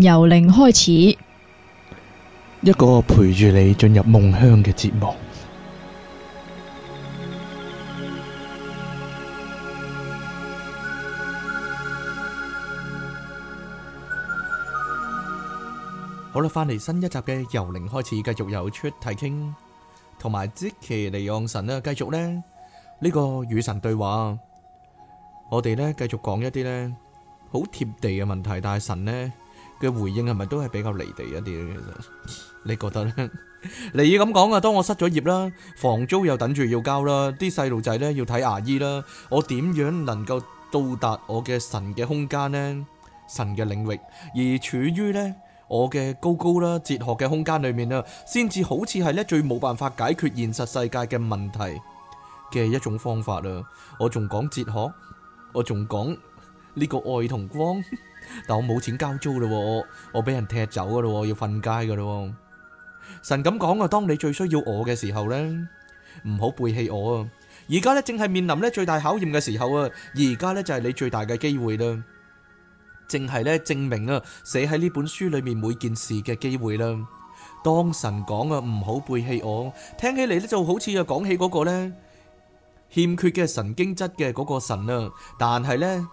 由零開始，一個陪住你進入夢鄉嘅節目。好啦，返嚟新一集嘅由零開始，繼續有出題傾，同埋 Jicky 嚟向神呢，繼續呢呢個與神對話。我哋呢繼續講一啲呢好貼地嘅問題，但係神呢。嘅回應係咪都係比較離地一啲呢？其實你覺得呢？你要咁講啊？當我失咗業啦，房租又等住要交啦，啲細路仔呢要睇牙醫啦，我點樣能夠到達我嘅神嘅空間呢？神嘅領域，而處於呢我嘅高高啦哲學嘅空間裏面啊，先至好似係呢最冇辦法解決現實世界嘅問題嘅一種方法啦。我仲講哲學，我仲講呢個愛同光。但係我冇錢交租啦，我俾人踢走噶啦，要瞓街噶啦。神咁講啊，當你最需要我嘅時候呢，唔好背棄我啊。而家呢正係面臨呢最大考驗嘅時候啊，而而家呢就係你最大嘅機會啦，正係呢證明啊寫喺呢本書裏面每件事嘅機會啦。當神講啊唔好背棄我，聽起嚟呢就好似啊講起嗰個呢欠缺嘅神經質嘅嗰個神啊，但係呢。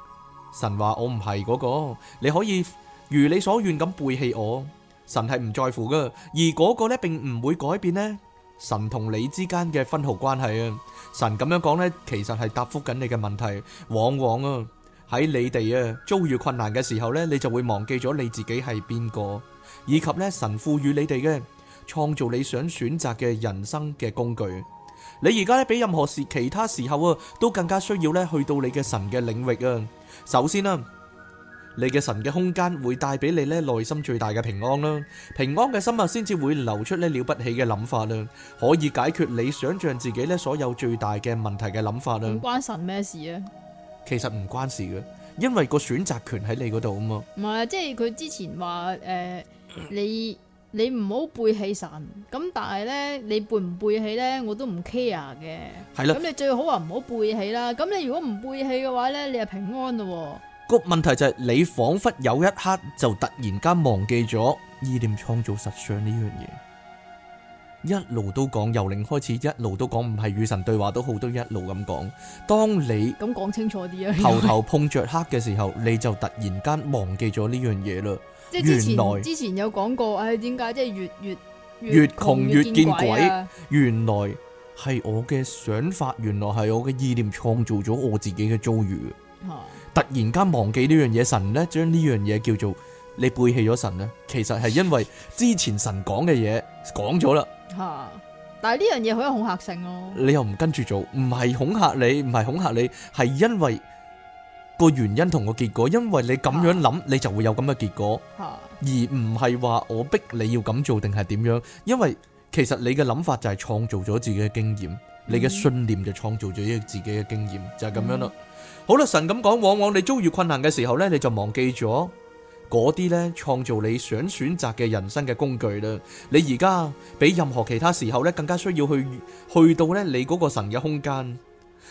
神話我唔係嗰個，你可以如你所願咁背棄我。神係唔在乎噶，而嗰個咧並唔會改變呢神同你之間嘅分毫關係啊。神咁樣講呢，其實係答覆緊你嘅問題。往往啊，喺你哋啊遭遇困難嘅時候呢，你就會忘記咗你自己係邊個，以及呢神賦予你哋嘅創造你想選擇嘅人生嘅工具。你而家咧比任何時其他時候啊，都更加需要咧去到你嘅神嘅領域啊。首先啦、啊，你嘅神嘅空間會帶俾你咧內心最大嘅平安啦、啊。平安嘅心啊，先至會流出咧了不起嘅諗法啦、啊，可以解決你想象自己咧所有最大嘅問題嘅諗法啦、啊。唔關神咩事啊？其實唔關事嘅，因為個選擇權喺你嗰度啊嘛。唔係，即係佢之前話誒、呃，你。你唔好背棄神，咁但係咧，你背唔背棄咧，我都唔 care 嘅。係啦，咁你最好話唔好背棄啦。咁你如果唔背棄嘅話咧，你就平安咯。個問題就係你仿佛有一刻就突然間忘記咗意念創造實相呢樣嘢，一路都講由零開始，一路都講唔係與神對話都好，都一路咁講。當你咁講清楚啲啊，頭頭碰著黑嘅時候，你就突然間忘記咗呢樣嘢啦。即係之前之前有講過，唉、哎，點解即係越越越窮越，越，越見鬼？原來係我嘅想法，原來係我嘅意念創造咗我自己嘅遭遇。啊、突然間忘記呢樣嘢，神咧將呢樣嘢叫做你背棄咗神咧，其實係因為之前神講嘅嘢講咗啦。吓、啊，但係呢樣嘢好有恐嚇性咯、啊。你又唔跟住做，唔係恐嚇你，唔係恐嚇你，係因為。個原因同個結果，因為你咁樣諗，你就會有咁嘅結果，而唔係話我逼你要咁做定係點樣？因為其實你嘅諗法就係創造咗自己嘅經驗，嗯、你嘅信念就創造咗自己嘅經驗，就係、是、咁樣啦。嗯、好啦，神咁講，往往你遭遇困難嘅時候呢，你就忘記咗嗰啲呢創造你想選擇嘅人生嘅工具啦。你而家比任何其他時候呢更加需要去去到呢你嗰個神嘅空間。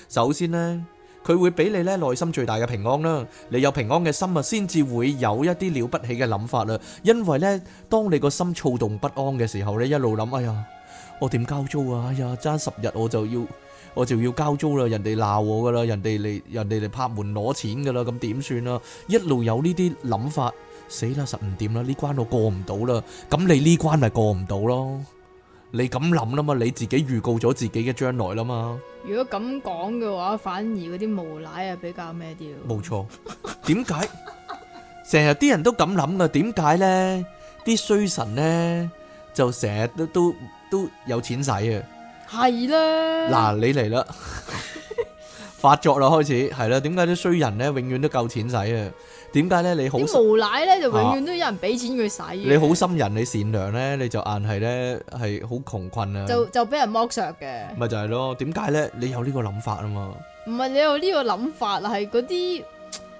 首先呢。佢會俾你咧內心最大嘅平安啦，你有平安嘅心啊，先至會有一啲了不起嘅諗法啦。因為咧，當你個心躁動不安嘅時候咧，一路諗，哎呀，我點交租啊？哎呀，爭十日我就要我就要交租啦，人哋鬧我噶啦，人哋嚟人哋嚟拍門攞錢噶啦，咁點算啊？一路有呢啲諗法，死啦，實唔掂啦，呢關我過唔到啦，咁你呢關咪過唔到咯？你咁諗啦嘛，你自己預告咗自己嘅將來啦嘛。如果咁講嘅話，反而嗰啲無賴啊比較咩啲咯。冇錯，點解成日啲人都咁諗嘅？點解呢？啲衰神呢就成日都都都有錢使啊。係啦，嗱，你嚟啦，發作啦，開始係啦。點解啲衰人呢永遠都夠錢使啊？點解咧？你好無賴咧，就永遠都有人俾錢佢使。你好心人，你善良咧，你就硬係咧，係好窮困啊！就就俾人剝削嘅。咪就係咯？點解咧？你有呢個諗法啊嘛？唔係你有呢個諗法啊？係嗰啲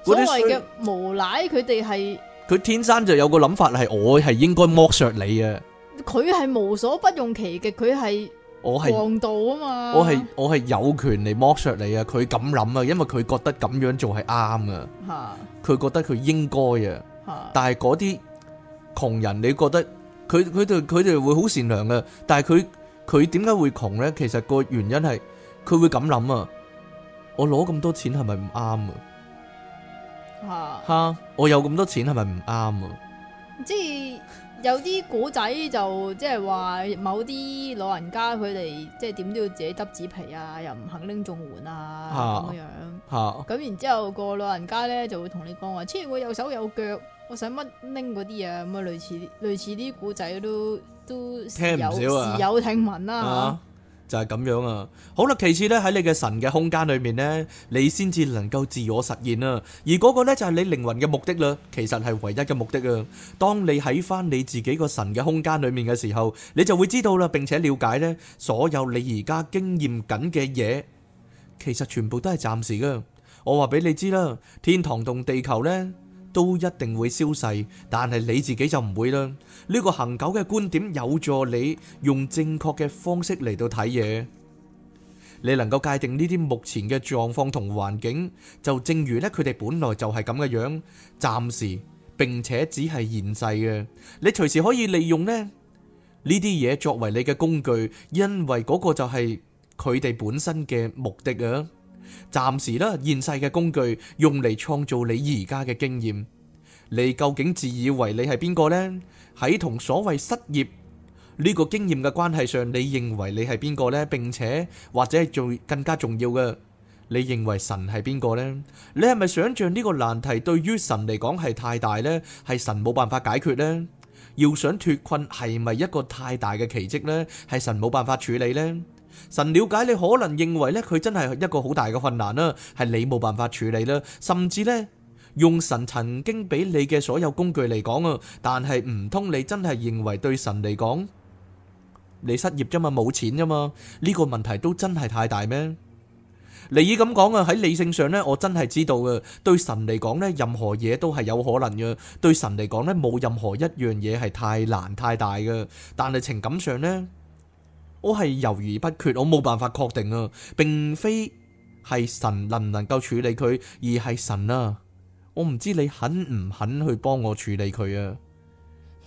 所謂嘅無賴，佢哋係佢天生就有個諗法，係我係應該剝削你啊！佢係無所不用其極，佢係我係王道啊嘛！我係我係有權嚟剝削你啊！佢咁諗啊，因為佢覺得咁樣做係啱噶。佢覺得佢應該嘅，啊、但係嗰啲窮人，你覺得佢佢哋佢哋會好善良嘅。但係佢佢點解會窮咧？其實個原因係佢會咁諗啊！我攞咁多錢係咪唔啱啊？嚇！我有咁多錢係咪唔啱啊？ 即係。有啲古仔就即係話某啲老人家佢哋即係點都要自己執紙皮啊，又唔肯拎綜援啊咁樣。咁、啊啊、然之後個老人家咧就會同你講話：黐我有手有腳，我使乜拎嗰啲嘢？咁、嗯、啊，類似類似啲古仔都都時有聽唔、啊、有聽聞啦嚇。啊就係咁樣啊，好啦，其次咧喺你嘅神嘅空間裏面呢，你先至能夠自我實現啊。而嗰個呢，就係你靈魂嘅目的啦，其實係唯一嘅目的啊。當你喺翻你自己個神嘅空間裏面嘅時候，你就會知道啦，並且了解呢，所有你而家經驗緊嘅嘢，其實全部都係暫時噶。我話俾你知啦，天堂同地球呢，都一定會消逝，但係你自己就唔會啦。呢個恒久嘅觀點有助你用正確嘅方式嚟到睇嘢。你能夠界定呢啲目前嘅狀況同環境，就正如咧佢哋本來就係咁嘅樣，暫時，並且只係現世嘅。你隨時可以利用呢呢啲嘢作為你嘅工具，因為嗰個就係佢哋本身嘅目的啊。暫時啦，現世嘅工具用嚟創造你而家嘅經驗，你究竟自以為你係邊個呢？喺同所謂失業呢個經驗嘅關係上，你認為你係邊個呢？並且或者係最更加重要嘅，你認為神係邊個呢？你係咪想象呢個難題對於神嚟講係太大呢？係神冇辦法解決呢？要想脫困係咪一個太大嘅奇蹟呢？係神冇辦法處理呢？神了解你可能認為咧，佢真係一個好大嘅困難啦，係你冇辦法處理啦，甚至咧，用神曾經俾你嘅所有工具嚟講啊，但係唔通你真係認為對神嚟講你失業啫嘛，冇錢啫嘛？呢個問題都真係太大咩？你以咁講啊？喺理性上咧，我真係知道嘅，對神嚟講咧，任何嘢都係有可能嘅，對神嚟講咧，冇任何一樣嘢係太難太大嘅，但係情感上咧。我係猶豫不決，我冇辦法確定啊，並非係神能唔能夠處理佢，而係神啊，我唔知你肯唔肯去幫我處理佢啊？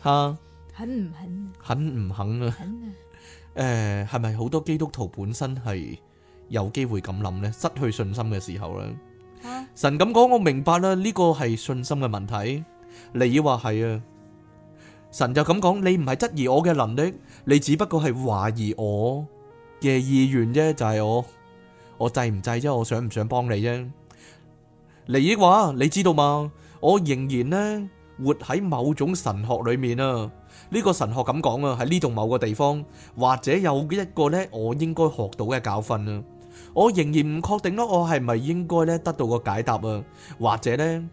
吓，肯唔肯？肯唔肯啊？誒，係咪好多基督徒本身係有機會咁諗咧？失去信心嘅時候咧？神咁講，我明白啦，呢個係信心嘅問題。你話係啊，神就咁講，你唔係質疑我嘅能力。你只不過係懷疑我嘅意願啫，就係我我制唔制啫，我想唔想幫你啫？利益話你知道嗎？我仍然呢活喺某種神學裏面啊，呢個神學咁講啊，喺呢度某個地方或者有一個呢，我應該學到嘅教訓啊，我仍然唔確定咯，我係咪應該呢得到個解答啊？或者呢，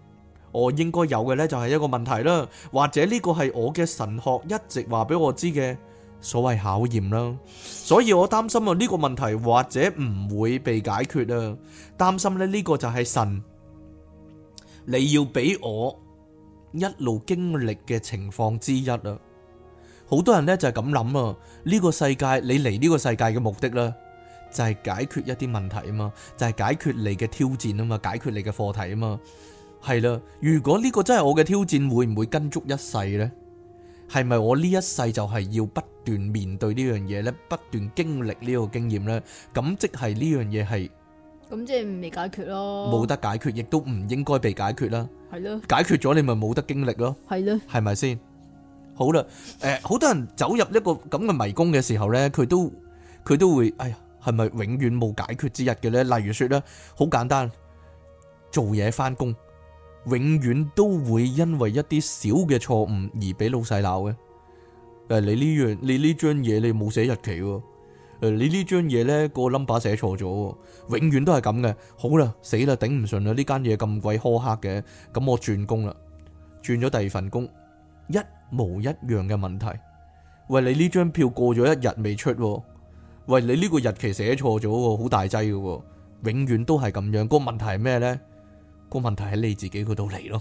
我應該有嘅呢就係一個問題啦，或者呢個係我嘅神學一直話俾我知嘅。所謂考驗啦，所以我擔心啊，呢個問題或者唔會被解決啊，擔心咧，呢個就係神你要俾我一路經歷嘅情況之一啊。好多人呢就係咁諗啊，呢個世界，你嚟呢個世界嘅目的咧，就係解決一啲問題啊嘛，就係解決你嘅挑戰啊嘛，解決你嘅課題啊嘛，係啦。如果呢個真係我嘅挑戰，會唔會跟足一世呢？係咪我呢一世就係要不？不斷面對呢樣嘢咧，不斷經歷呢個經驗咧，咁即係呢樣嘢係，咁即係未解決咯，冇得解決，亦都唔應該被解決啦。係咯，解決咗你咪冇得經歷咯。係咯，係咪先？好啦，誒，好多人走入一個咁嘅迷宮嘅時候咧，佢都佢都會，哎呀，係咪永遠冇解決之日嘅咧？例如說咧，好簡單，做嘢返工，永遠都會因為一啲小嘅錯誤而俾老細鬧嘅。誒，你呢樣你呢張嘢，你冇寫日期喎，誒，你呢張嘢咧，個 number 寫錯咗，永遠都係咁嘅。好啦，死啦，頂唔順啦，呢間嘢咁鬼苛刻嘅，咁我轉工啦，轉咗第二份工，一模一樣嘅問題。喂，你呢張票過咗一日未出，喂，你呢個日期寫錯咗，好大劑嘅，永遠都係咁樣。個問題係咩咧？個問題喺你自己嗰度嚟咯。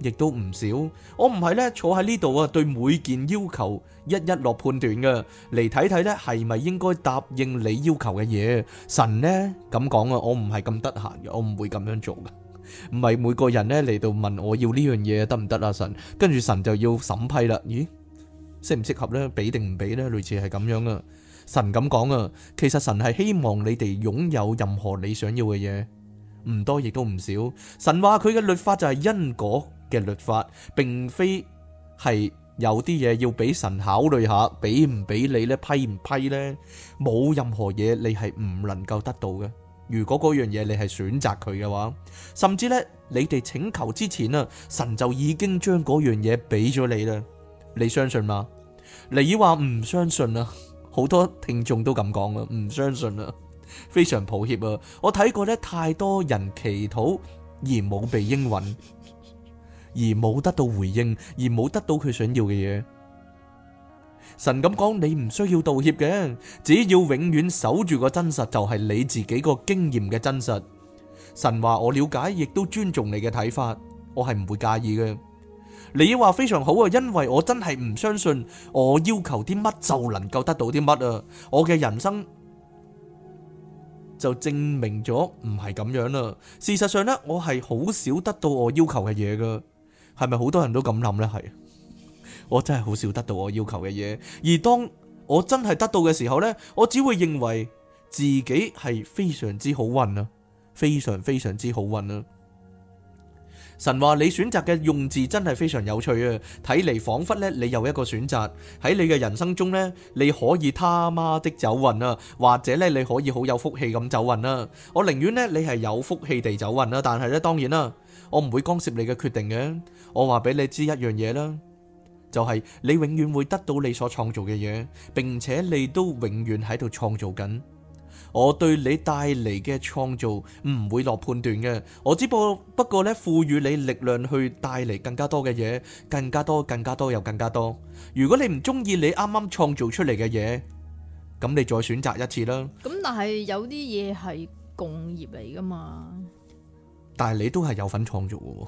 亦都唔少。我唔係咧坐喺呢度啊，對每件要求一一落判斷嘅，嚟睇睇咧係咪應該答應你要求嘅嘢？神呢咁講啊，我唔係咁得閒嘅，我唔會咁樣做嘅，唔係每個人呢嚟到問我要呢樣嘢得唔得啊？神跟住神就要審批啦，咦，適唔適合呢？俾定唔俾呢？類似係咁樣啊，神咁講啊，其實神係希望你哋擁有任何你想要嘅嘢，唔多亦都唔少。神話佢嘅律法就係因果。嘅律法，並非係有啲嘢，要俾神考慮下，俾唔俾你咧，批唔批呢？冇任何嘢你係唔能夠得到嘅，如果嗰樣嘢你係選擇佢嘅話，甚至咧你哋請求之前啊，神就已經將嗰樣嘢俾咗你啦。你相信嗎？你話唔相信啊？好多聽眾都咁講啦，唔相信啊，非常抱歉啊。我睇過咧太多人祈禱而冇被應允。而冇得到回應，而冇得到佢想要嘅嘢。神咁講，你唔需要道歉嘅，只要永遠守住個真實，就係你自己個經驗嘅真實。神話我了解，亦都尊重你嘅睇法，我係唔會介意嘅。你話非常好啊，因為我真係唔相信我要求啲乜就能夠得到啲乜啊！我嘅人生就證明咗唔係咁樣啦。事實上呢，我係好少得到我要求嘅嘢噶。係咪好多人都咁諗呢？係，我真係好少得到我要求嘅嘢。而當我真係得到嘅時候呢，我只會認為自己係非常之好運啊，非常非常之好運啊。神話你選擇嘅用字真係非常有趣啊！睇嚟仿佛呢，你有一個選擇喺你嘅人生中呢，你可以他媽的走運啊，或者呢，你可以好有福氣咁走運啊。我寧願呢，你係有福氣地走運啦，但係咧當然啦，我唔會干涉你嘅決定嘅。我話俾你知一樣嘢啦，就係你永遠會得到你所創造嘅嘢，並且你都永遠喺度創造緊。我對你帶嚟嘅創造唔會落判斷嘅，我只不過不過呢賦予你力量去帶嚟更加多嘅嘢，更加多、更加多又更加多。如果你唔中意你啱啱創造出嚟嘅嘢，咁你再選擇一次啦。咁但係有啲嘢係共業嚟噶嘛？但係你都係有份創造嘅。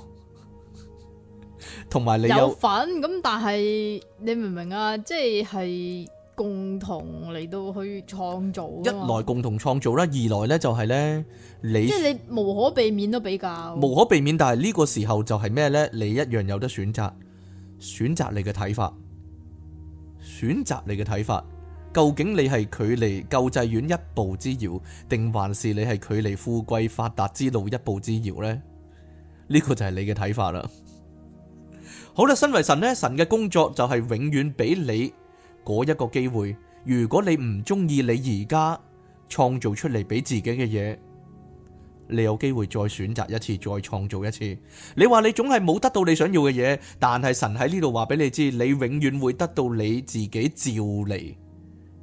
同埋你有，有份，咁，但係你明唔明啊？即、就、係、是、共同嚟到去創造一來共同創造啦，二來呢就係呢，你即係你無可避免都比較無可避免，但係呢個時候就係咩呢？你一樣有得選擇，選擇你嘅睇法，選擇你嘅睇法，究竟你係距離救濟院一步之遙，定還是你係距離富貴發達之路一步之遙呢？呢、呢個就係你嘅睇法啦。好啦，身為神咧，神嘅工作就係永遠俾你嗰一個機會。如果你唔中意你而家創造出嚟俾自己嘅嘢，你有機會再選擇一次，再創造一次。你話你總係冇得到你想要嘅嘢，但係神喺呢度話俾你知，你永遠會得到你自己照嚟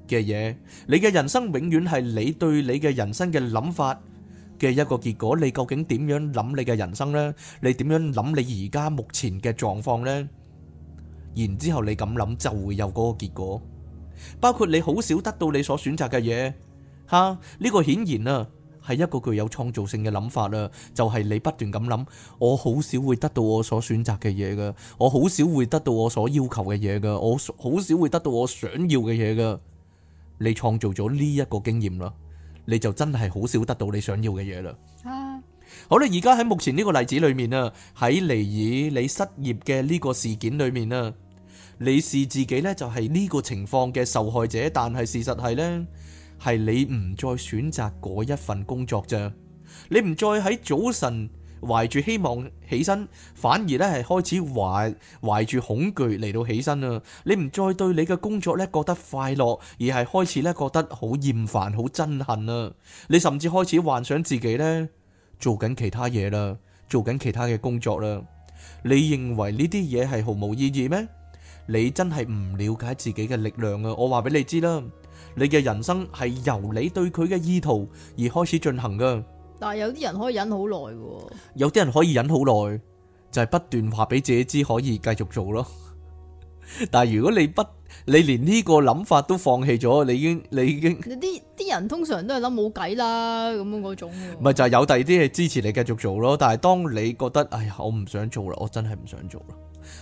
嘅嘢。你嘅人生永遠係你對你嘅人生嘅諗法嘅一個結果，你究竟點樣諗你嘅人生呢？你點樣諗你而家目前嘅狀況呢？然之後你咁諗就會有嗰個結果，包括你好少得到你所選擇嘅嘢。吓，呢個顯然啊係一個具有創造性嘅諗法啦，就係你不斷咁諗，我好少會得到我所選擇嘅嘢噶，我好少會得到我所要求嘅嘢噶，我好少會得到我想要嘅嘢噶，你創造咗呢一個經驗啦。你就真係好少得到你想要嘅嘢啦。啊，好啦，而家喺目前呢個例子裏面啊，喺尼爾你失業嘅呢個事件裏面啊，你視自己呢就係呢個情況嘅受害者，但係事實係呢係你唔再選擇嗰一份工作咋，你唔再喺早晨。懷住希望起身，反而咧係開始懷懷住恐懼嚟到起身啦。你唔再對你嘅工作咧覺得快樂，而係開始咧覺得好厭煩、好憎恨啦。你甚至開始幻想自己咧做緊其他嘢啦，做緊其他嘅工作啦。你認為呢啲嘢係毫無意義咩？你真係唔了解自己嘅力量啊！我話俾你知啦，你嘅人生係由你對佢嘅意圖而開始進行噶。但係有啲人可以忍好耐喎，有啲人可以忍好耐，就係不斷話俾自己知可以繼續做咯。 但係如果你不，你連呢個諗法都放棄咗，你已經，你已經，啲啲人通常都係諗冇計啦，咁樣嗰種。唔係就係有第二啲嘢支持你繼續做咯。但係當你覺得，哎呀，我唔想做啦，我真係唔想做啦，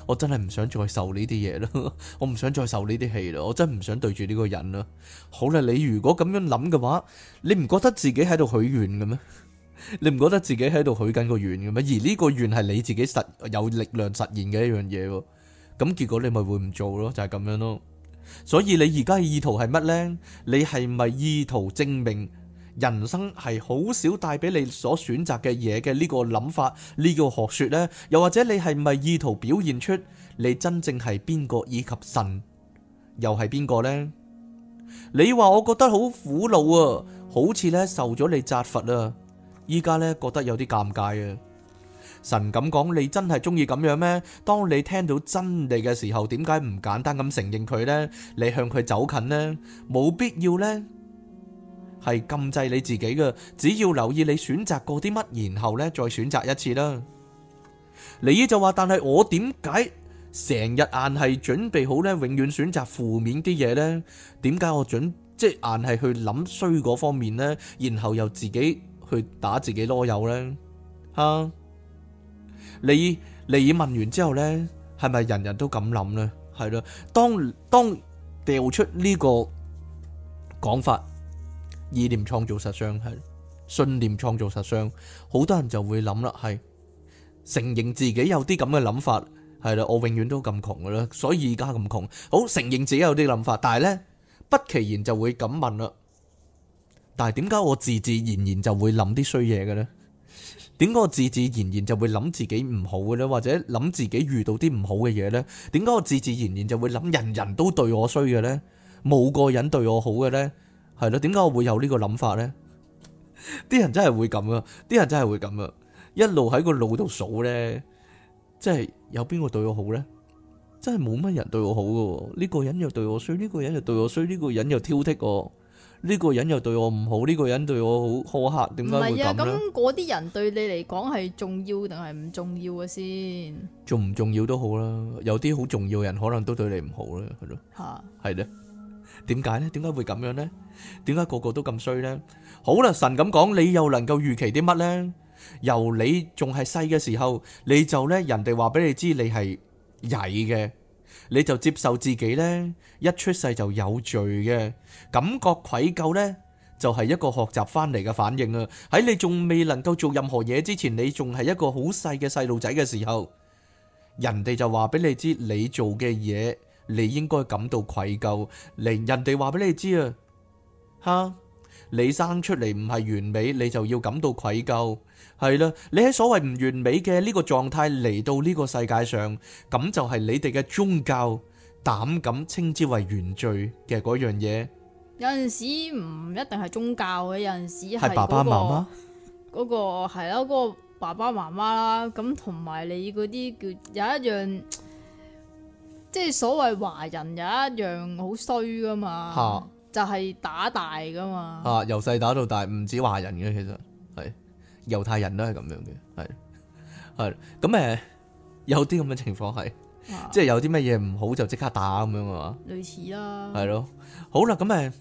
我真係唔想再受呢啲嘢咯， 我唔想再受呢啲氣咯，我真係唔想對住呢個人咯。好啦，你如果咁樣諗嘅話，你唔覺得自己喺度許願嘅咩？你唔覺得自己喺度許緊個願嘅咩？而呢個願係你自己實有力量實現嘅一樣嘢，咁結果你咪會唔做咯，就係咁樣咯。所以你而家嘅意圖係乜呢？你係咪意圖證明人生係好少帶俾你所選擇嘅嘢嘅呢個諗法呢個學說呢？又或者你係咪意圖表現出你真正係邊個，以及神又係邊個呢？你話我覺得好苦惱啊，好似呢受咗你責罰啊。依家咧覺得有啲尷尬啊！神咁講，你真係中意咁樣咩？當你聽到真理嘅時候，點解唔簡單咁承認佢咧？你向佢走近咧，冇必要咧，係禁制你自己噶。只要留意你選擇過啲乜，然後咧再選擇一次啦。你就話，但係我點解成日硬係準備好咧，永遠選擇負面啲嘢咧？點解我準即係硬係去諗衰嗰方面咧？然後又自己。去打自己囉柚呢？啊！你你問完之後呢，係咪人人都咁諗呢？係啦，當當掉出呢個講法，意念創造實相，係信念創造實相，好多人就會諗啦，係承認自己有啲咁嘅諗法，係啦，我永遠都咁窮噶啦，所以而家咁窮，好承認自己有啲諗法，但係呢，不其然就會咁問啦。但係點解我自自然然就會諗啲衰嘢嘅呢？點解我自自然然就會諗自己唔好嘅呢？或者諗自己遇到啲唔好嘅嘢呢？點解我自自然然就會諗人人都對我衰嘅呢？冇個人對我好嘅呢？係咯。點解我會有呢個諗法呢？啲人真係會咁啊！啲人真係會咁啊！一路喺個腦度數呢，即係有邊個對我好呢？真係冇乜人對我好噶喎！呢個人又對我衰，呢個人又對我衰，呢個人又挑剔我。呢個人又對我唔好，呢個人對我好苛刻，點解會咁咧？唔係啊，咁嗰啲人對你嚟講係重要定係唔重要嘅先？重唔重要都好啦，有啲好重要嘅人可能都對你唔好啦，係咯。嚇，係咧。點解咧？點解會咁樣咧？點解個個都咁衰咧？好啦，神咁講，你又能夠預期啲乜咧？由你仲係細嘅時候，你就咧人哋話俾你知你係曳嘅。你就接受自己呢，一出世就有罪嘅感覺，愧疚呢，就係一個學習翻嚟嘅反應啊！喺你仲未能夠做任何嘢之前，你仲係一個好細嘅細路仔嘅時候，人哋就話俾你知你做嘅嘢，你應該感到愧疚，令人哋話俾你知啊，吓。你生出嚟唔係完美，你就要感到愧疚，係啦。你喺所謂唔完美嘅呢個狀態嚟到呢個世界上，咁就係你哋嘅宗教膽敢稱之為原罪嘅嗰樣嘢。有陣時唔一定係宗教嘅，有陣時係嗰個爸爸媽媽，嗰個係咯，嗰個爸爸媽媽啦，咁同埋你嗰啲叫有一樣，即係所謂華人有一樣好衰噶嘛，吓。就係打大㗎嘛，啊由細打到大，唔止華人嘅，其實係猶太人都係咁樣嘅，係係咁誒有啲咁嘅情況係，哇即係有啲乜嘢唔好就即刻打咁樣啊嘛，類似啦，係咯，好啦咁誒，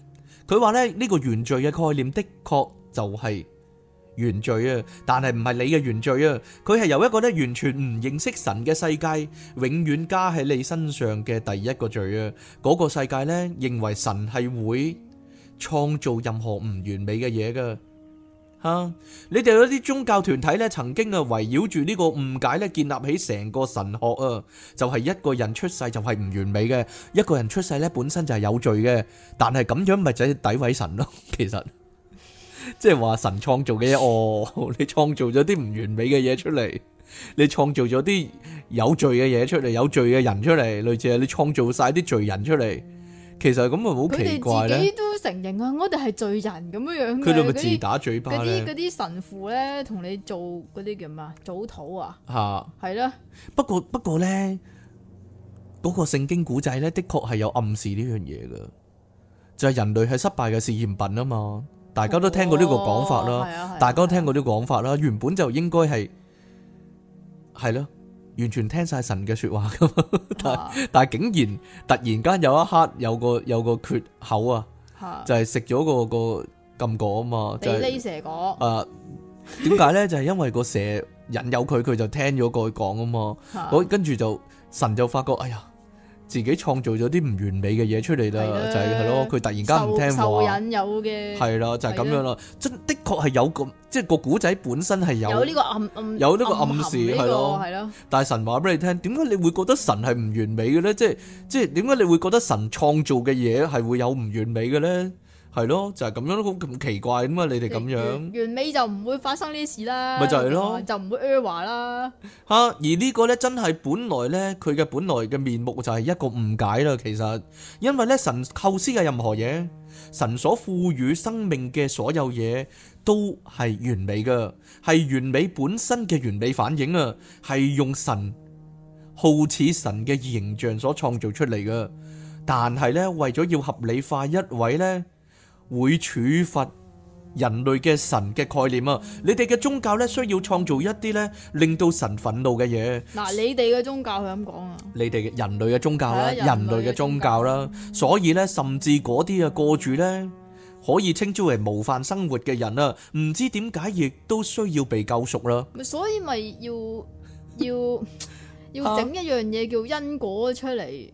佢話咧呢個原罪嘅概念的確就係、是。原罪啊，但係唔係你嘅原罪啊。佢係由一個咧完全唔認識神嘅世界，永遠加喺你身上嘅第一個罪啊，嗰個世界咧認為神係會創造任何唔完美嘅嘢噶吓。你哋有啲宗教團體咧，曾經啊圍繞住呢個誤解咧建立起成個神學啊，就係一個人出世就係唔完美嘅，一個人出世咧本身就係有罪嘅，但係咁樣咪就係詆毀神咯，其實。即係話神創造嘅嘢，哦，你創造咗啲唔完美嘅嘢出嚟，你創造咗啲有罪嘅嘢出嚟，有罪嘅人出嚟，類似係你創造晒啲罪人出嚟。其實咁啊，好奇怪，佢哋自己都承認啊，我哋係罪人咁樣樣，佢哋咪自打嘴巴咧。嗰啲嗰啲神父咧，同你做嗰啲叫咩啊？早禱啊，係啦，啊。不過不過咧，嗰個聖經古仔咧的確係有暗示呢樣嘢噶，就係人類係失敗嘅試驗品啊嘛。大家都聽過呢個講法啦，大家都聽過呢講法啦，原本就應該係係咯，完全聽晒神嘅說話㗎，但但係竟然突然間有一刻有個有個缺口啊，就係食咗個個禁果啊嘛，俾呢蛇果。誒，點解咧？就係因為個蛇引誘佢，佢就聽咗佢講啊嘛，我跟住就神就發覺，哎呀！自己創造咗啲唔完美嘅嘢出嚟啦，係嘅就係係咯，佢突然間唔聽話，受，受引誘嘅，係啦，就係、係、咁樣啦，的真的，的確係有咁，即係個古仔本身係有有呢個，個暗示係咯，係咯。但係神話俾你聽，點解你會覺得神係唔完美嘅咧？即係即係點解你會覺得神創造嘅嘢係會有唔完美嘅咧？係咯，就係咁樣都好咁奇怪咁嘛！你哋咁樣完美就唔會發生呢啲事啦，咪就係咯，就唔會 error 啦。吓，而呢個咧，真係本來咧，佢嘅本來嘅面目就係一個誤解啦。其實因為咧，神構思嘅任何嘢，神所賦予生命嘅所有嘢都係完美嘅，係完美本身嘅完美反映啊，係用神好似神嘅形象所創造出嚟嘅。但係咧，為咗要合理化一位咧。會處罰人類嘅神嘅概念，你哋嘅宗教需要創造一啲呢令到神憤怒嘅嘢。嗱，你哋嘅宗教係噉講，你哋嘅人類嘅宗教，人類嘅宗教，所以呢甚至嗰啲啊過住呢，可以稱之為模範生活嘅人，唔知點解亦都需要被救贖啦。 所以咪要要要整一樣嘢叫因果出嚟。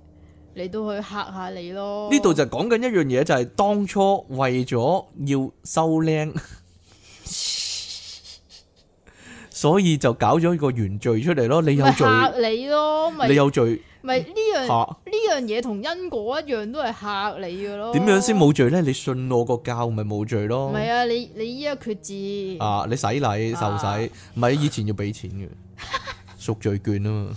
你都去吓下你咯？呢度就講緊一樣嘢，就係當初為咗要收僆，所以就搞咗一個原罪出嚟咯。你有罪，吓你咯，咪你有罪，咪呢樣呢樣嘢同因果一樣，都係吓你嘅咯。點樣先冇罪咧？你信我個教咪冇罪咯？唔係啊，你你依家缺字啊，你洗禮受洗，唔係以前要俾錢嘅贖罪券啊嘛。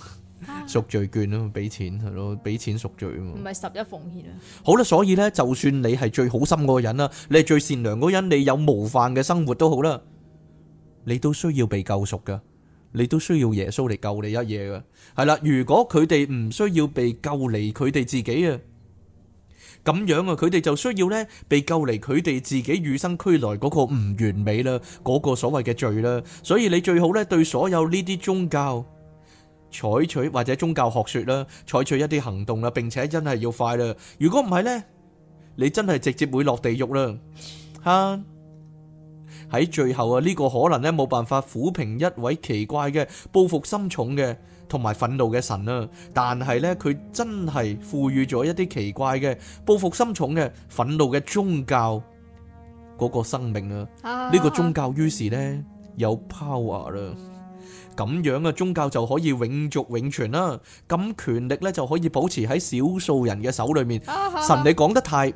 贖罪券啊，俾錢係咯，俾錢贖罪啊嘛。唔係十一奉獻啊。好啦，所以咧，就算你係最好心嗰個人啦，你係最善良嗰人，你有模範嘅生活都好啦，你都需要被救贖噶，你都需要耶穌嚟救你一嘢噶。係啦，如果佢哋唔需要被救離佢哋自己啊，咁樣啊，佢哋就需要咧被救離佢哋自己與生俱來嗰個唔完美啦，嗰個所謂嘅罪啦。所以你最好咧對所有呢啲宗教，採取或者宗教學說啦，採取一啲行動啦，並且真係要快啦。如果唔係呢，你真係直接會落地獄啦。吓、啊、喺最後啊，呢、這個可能呢冇辦法撫平一位奇怪嘅報復心重嘅同埋憤怒嘅神啦。但係呢，佢真係賦予咗一啲奇怪嘅報復心重嘅憤怒嘅宗教嗰個生命啦。呢、啊啊、個宗教於是呢，有 power 啦。咁樣嘅，宗教就可以永續永存啦，咁權力咧就可以保持喺少數人嘅手裏面。神，你講得太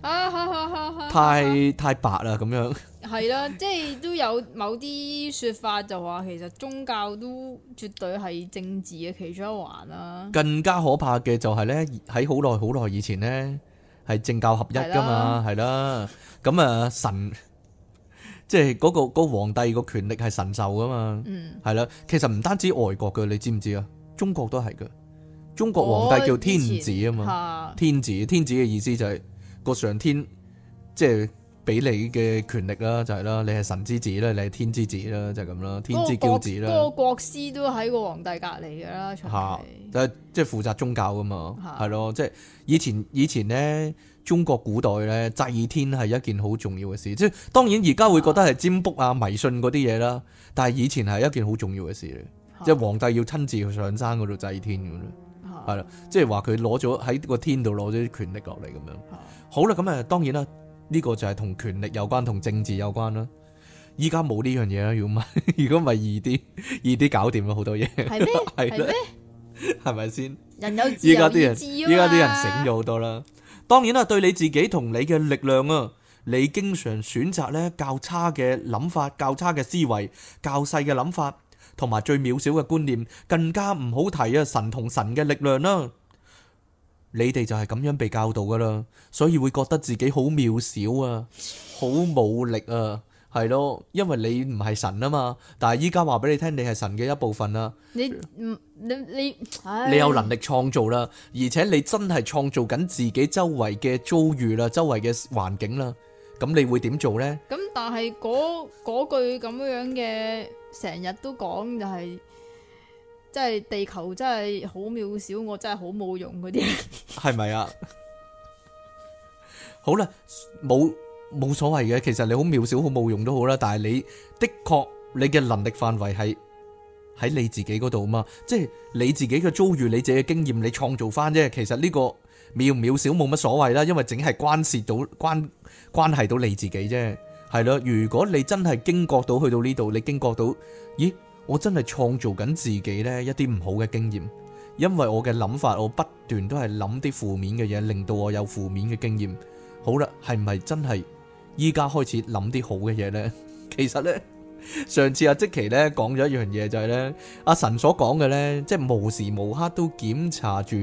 啊，哈哈哈，太太白啦，咁樣係啦，即係都有某啲說法就話，其實宗教都絕對係政治嘅其中一環啦。更加可怕嘅就係咧，喺好耐好耐以前咧，係政教合一噶嘛，係啦，咁啊神。即係嗰個個皇帝個權力係神授噶嘛，係啦、嗯。其實唔單止外國嘅，你知唔知啊？中國都係噶。中國皇帝叫天子啊嘛天子，天子天子嘅意思就係、是、個上天即係俾你嘅權力啦，就係、是、啦。你係神之子啦，你係天之子啦，就係咁啦。天之驕子啦。個國,那個國師都喺個皇帝隔籬噶啦，除係即係負責宗教噶嘛，係咯的。即係以前以前咧。中國古代咧祭天係一件好重要嘅事，即係當然而家會覺得係占卜啊迷信嗰啲嘢啦，但係以前係一件好重要嘅事嚟，啊、即係皇帝要親自去上山嗰度祭天咁樣，係啦、啊，即係話佢攞咗喺個天度攞咗啲權力落嚟咁樣。啊、好啦，咁啊當然啦，呢、呢個就係同權力有關，同政治有關啦。依家冇呢樣嘢啦，如果如果唔係易啲，易啲搞掂咗好多嘢。係咩嗎？係咩 的？係咪先？依家啲人依家啲人醒咗好多啦。當然啦，對你自己同你嘅力量啊，你經常選擇咧較差嘅諗法、較差嘅思維、較細嘅諗法同埋最渺小嘅觀念，更加唔好提啊！神同神嘅力量啦，你哋就係咁樣被教導噶啦，所以會覺得自己好渺小啊，好冇力啊。係咯，因為你唔係神啊嘛，但係依家話俾你聽，你係神嘅一部分啦。你唔你你，你有能力創造啦，而且你真係創造緊自己周圍嘅遭遇啦，周圍嘅環境啦，咁你會點做呢？咁但係嗰嗰句咁樣嘅，成日都講就係，即係地球真係好渺小，我真係好冇用嗰啲，係咪啊？好啦，冇。冇所謂嘅，其實你好渺小，好冇用都好啦。但係你的確，你嘅能力範圍係喺你自己嗰度啊嘛。即係你自己嘅遭遇，你自己嘅經驗，你創造翻啫。其實呢個渺渺小冇乜所謂啦，因為淨係關涉到關關係到你自己啫。係咯，如果你真係驚覺到去到呢度，你驚覺到，咦，我真係創造緊自己呢一啲唔好嘅經驗，因為我嘅諗法，我不斷都係諗啲負面嘅嘢，令到我有負面嘅經驗。好啦，係唔係真係？依家開始諗啲好嘅嘢咧，其實咧，上次阿積奇咧講咗一樣嘢，就係咧，阿神所講嘅咧，即係無時無刻都檢查住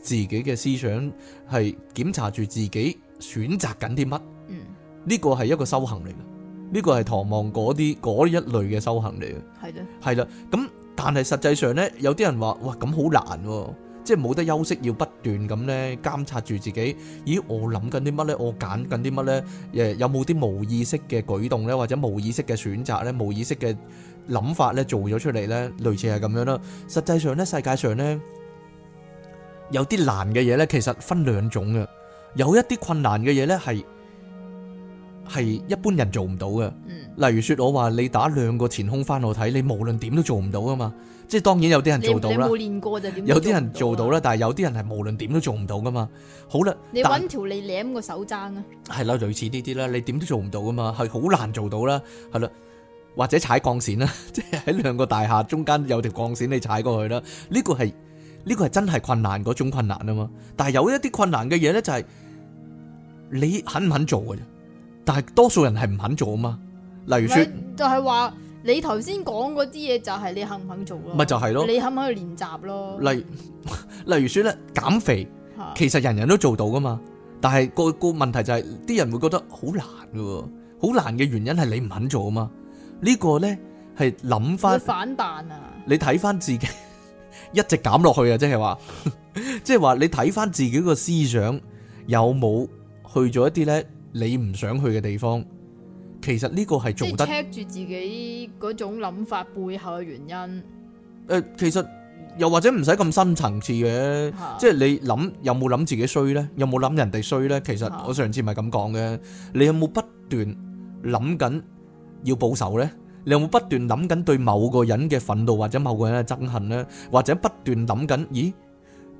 自己嘅思想，係檢查住自己選擇緊啲乜。嗯，呢個係一個修行嚟嘅，呢個係唐望嗰啲嗰一類嘅修行嚟嘅。係咯，係啦。咁但係實際上咧，有啲人話，哇，咁好難喎。即係冇得休息，要不斷咁咧監察住自己。咦，我諗緊啲乜咧？我揀緊啲乜咧？誒，有冇啲無意識嘅舉動咧？或者無意識嘅選擇咧？無意識嘅諗法咧？做咗出嚟咧，類似係咁樣咯。實際上咧，世界上咧有啲難嘅嘢咧，其實分兩種嘅。有一啲困難嘅嘢咧，係係一般人做唔到嘅。例如說，我話你打兩個前空翻我睇，你無論點都做唔到啊嘛。即係當然有啲人做到啦，練過就點，有啲人做到啦，但係有啲人係無論點都做唔到噶嘛。好啦，你搵條你舐個手踭啊，係啦，類似呢啲啦，你點都做唔到噶嘛，係好難做到啦，係啦，或者踩鋼線啦，即係喺兩個大廈中間有條鋼線你踩過去啦，呢個係，呢個係真係困難嗰種困難啊嘛。但係有一啲困難嘅嘢咧，就係你肯唔肯做噶啫。但係多數人係唔肯做啊嘛。例如說，就係話。你頭先講嗰啲嘢，就係你肯唔肯做咯，咪就係咯，你肯唔肯去練習咯？例如，例如說咧，減肥，其實人人都做到噶嘛，但係個個問題就係、是，啲人會覺得好難噶，好難嘅原因係你唔肯做啊嘛。這個、呢個咧係諗翻，反彈啊！你睇翻自己 一直減落去啊，即係話， 即係話你睇翻自己個思想有冇去咗一啲咧你唔想去嘅地方。其實呢個係做得即係 check 住自己嗰種諗法背後嘅原因。誒，其實又或者唔使咁深層次嘅，即係你諗有冇諗自己衰咧？有冇諗人哋衰咧？其實我上次咪咁講嘅，你有冇不斷諗緊要報仇咧？你有冇不斷諗緊對某個人嘅憤怒或者某個人嘅憎恨咧？或者不斷諗緊，咦，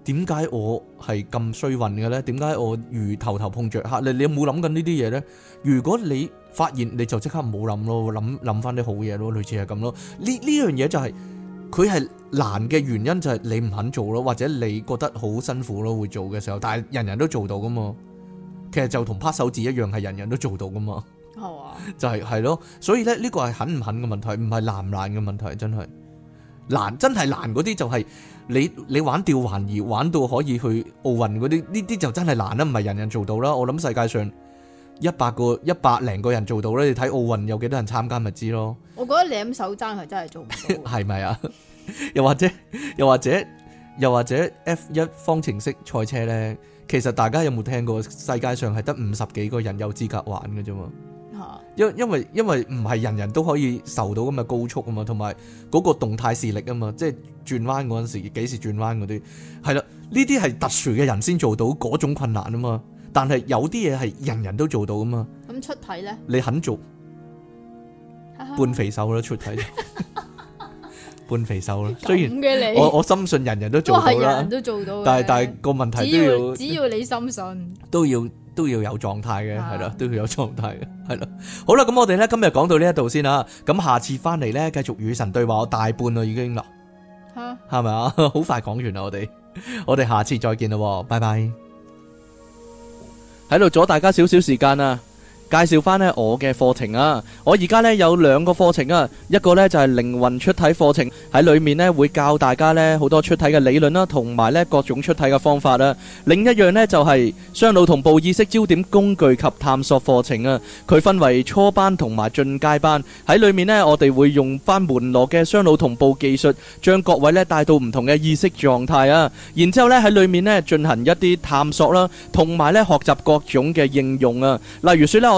點解我係咁衰運嘅咧？點解我如頭頭碰着黑？你你有冇諗緊呢啲嘢咧？如果你發現你就即刻冇諗咯，諗諗翻啲好嘢咯，類似係咁咯。呢呢樣嘢就係佢係難嘅原因就係你唔肯做咯，或者你覺得好辛苦咯，會做嘅時候，但係人人都做到㗎嘛。其實就同拍手指一樣，係人人都做到㗎嘛。係、哦、啊，就係係咯。所以咧，呢、這個係肯唔肯嘅問題，唔係難唔難嘅問題，真係難真係難嗰啲就係、是、你你玩吊環而玩到可以去奧運嗰啲，呢啲就真係難啦，唔係人人做到啦。我諗世界上。一百個一百零個人做到咧，你睇奧運有幾多人參加咪知咯？我覺得兩手爭係真係做唔到 是是，啊，係咪啊？又或者又或者又或者 F1 方程式賽車咧，其實大家有冇聽過？世界上係得五十幾個人有資格玩嘅啫嘛。吓，啊，因因為因為唔係人人都可以受到咁嘅高速啊嘛，同埋嗰個動態視力啊嘛，即係轉彎嗰陣時幾時轉彎嗰啲，係啦，呢啲係特殊嘅人先做到嗰種困難啊嘛。但係有啲嘢係人人都做到噶嘛？咁出體咧？你肯做， 半肥瘦啦，出體，半肥瘦啦。雖然嘅你， 我我深信人人都做到啦，都，人都做到但。但係但係個問題要只，要只要你深信，都要都要有狀態嘅，係啦，都要有狀態嘅，係啦。 好啦，咁我哋咧今日講到呢一度先啊，咁下次翻嚟咧繼續與神對話，我大半啦已經啦，吓係咪啊？好快講完啦，我哋我哋下次再見啦，拜拜。喺度阻大家少少時間啊！介紹翻咧我嘅課程啊！我而家咧有兩個課程啊，一個咧就係靈魂出體課程，喺裡面咧會教大家咧好多出體嘅理論啦，同埋咧各種出體嘅方法啦。另一樣咧就係雙腦同步意識焦點工具及探索課程啊，佢分為初班同埋進階班。喺裡面咧，我哋會用返門羅嘅雙腦同步技術，將各位咧帶到唔同嘅意識狀態啊。然之後咧喺裡面咧進行一啲探索啦，同埋咧學習各種嘅應用啊。例如説咧我。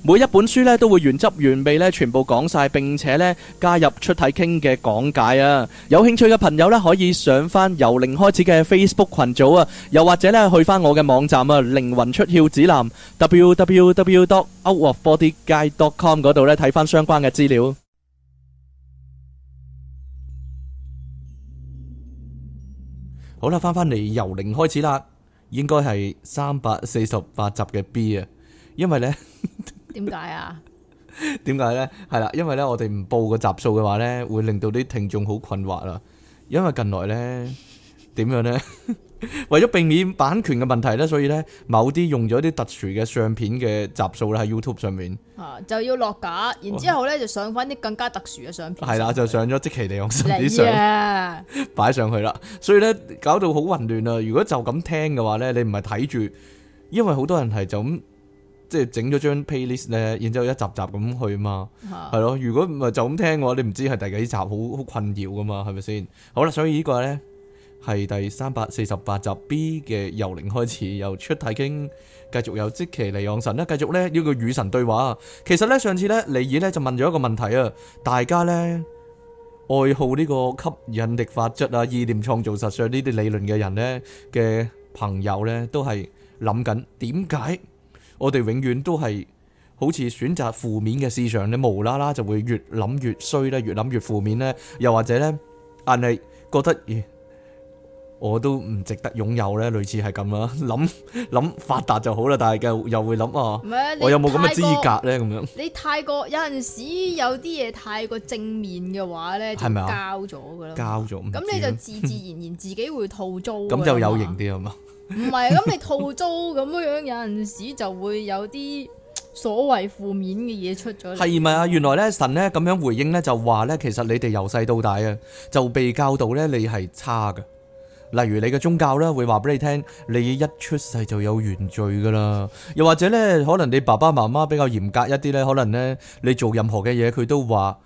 每一本書咧都會原汁原味咧全部講晒，並且咧加入出體傾嘅講解啊！有興趣嘅朋友咧可以上翻由零開始嘅 Facebook 群組啊，又或者咧去翻我嘅網站啊，靈魂出竅指南 www.outofbodyguide.com 嗰度咧睇翻相關嘅資料。好啦，翻翻嚟由零開始啦，應該係三百四十八集嘅 B 啊，因為呢。 點解啊？點解咧？係啦，因為咧，我哋唔報個集數嘅話咧，會令到啲聽眾好困惑啦。因為近來咧，點樣咧？為咗避免版權嘅問題咧，所以咧，某啲用咗啲特殊嘅相片嘅集數啦，喺 YouTube 上面啊，就要落架，然之後咧就上翻啲更加特殊嘅相片。係啦，就上咗即期利用啲相擺上去啦，所以咧搞到好混亂啦。如果就咁聽嘅話咧，你唔係睇住，因為好多人係就咁。即係整咗張 playlist 咧，然之後一集一集咁去嘛，係咯、啊。如果唔係就咁聽嘅話，你唔知係第幾集是是，好好困擾噶嘛，係咪先？好啦，所以呢個咧係第三百四十八集 B 嘅，由零開始由出體經，繼續有即其離養神啦，繼續咧呢、這個與神對話。其實咧上次咧，尼爾咧就問咗一個問題啊，大家咧愛好呢個吸引力法則啊、意念創造實相呢啲理論嘅人咧嘅朋友咧，都係諗緊點解？我哋永遠都係好似選擇負面嘅思想，你無啦啦就會越諗越衰咧，越諗越負面咧，又或者咧，硬係覺得，欸、我都唔值得擁有咧，類似係咁啦。諗諗發達就好啦，但係又又會諗啊，啊我有冇咁嘅資格咧？咁樣你太過有陣時有啲嘢太過正面嘅話咧，就交咗噶啦，交咗咁你就自自然然自己會套租咁就有型啲啊 唔係，咁 你套租咁樣，有陣時就會有啲所謂負面嘅嘢出咗嚟。係咪啊？原來咧，神咧咁樣回應咧，就話咧，其實你哋由細到大啊，就被教導咧，你係差㗎。例如你嘅宗教咧，會話俾你聽，你一出世就有原罪噶啦。又或者咧，可能你爸爸媽媽比較嚴格一啲咧，可能咧你做任何嘅嘢，佢都話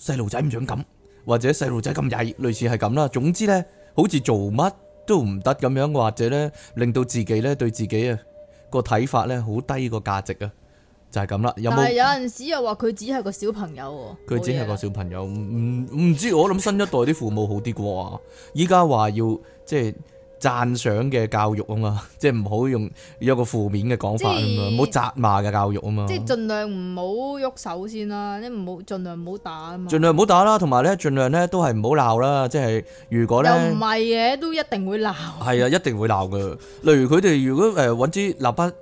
細路仔唔想咁，或者細路仔咁曳，類似係咁啦。總之咧，好似做乜。都唔得咁樣，或者呢令到自己呢對自己啊個睇法呢好低個價值啊，就係咁啦。有冇？但係有陣時又話佢只係個小朋友，佢只係個小朋友，唔唔唔、嗯、知我諗新一代啲父母好啲啩，依家話要即係。讚賞嘅教育啊嘛，即係唔好用一個負面嘅講法啊嘛，唔好責罵嘅教育啊嘛，即係盡量唔好喐手先啦，你唔好盡量唔好打啊嘛，盡量唔好打，打啦，同埋咧盡量咧都係唔好鬧啦，即係如果咧又唔係嘢，都一定會鬧。係啊，一定會鬧㗎。 例如佢哋如果誒揾支蠟筆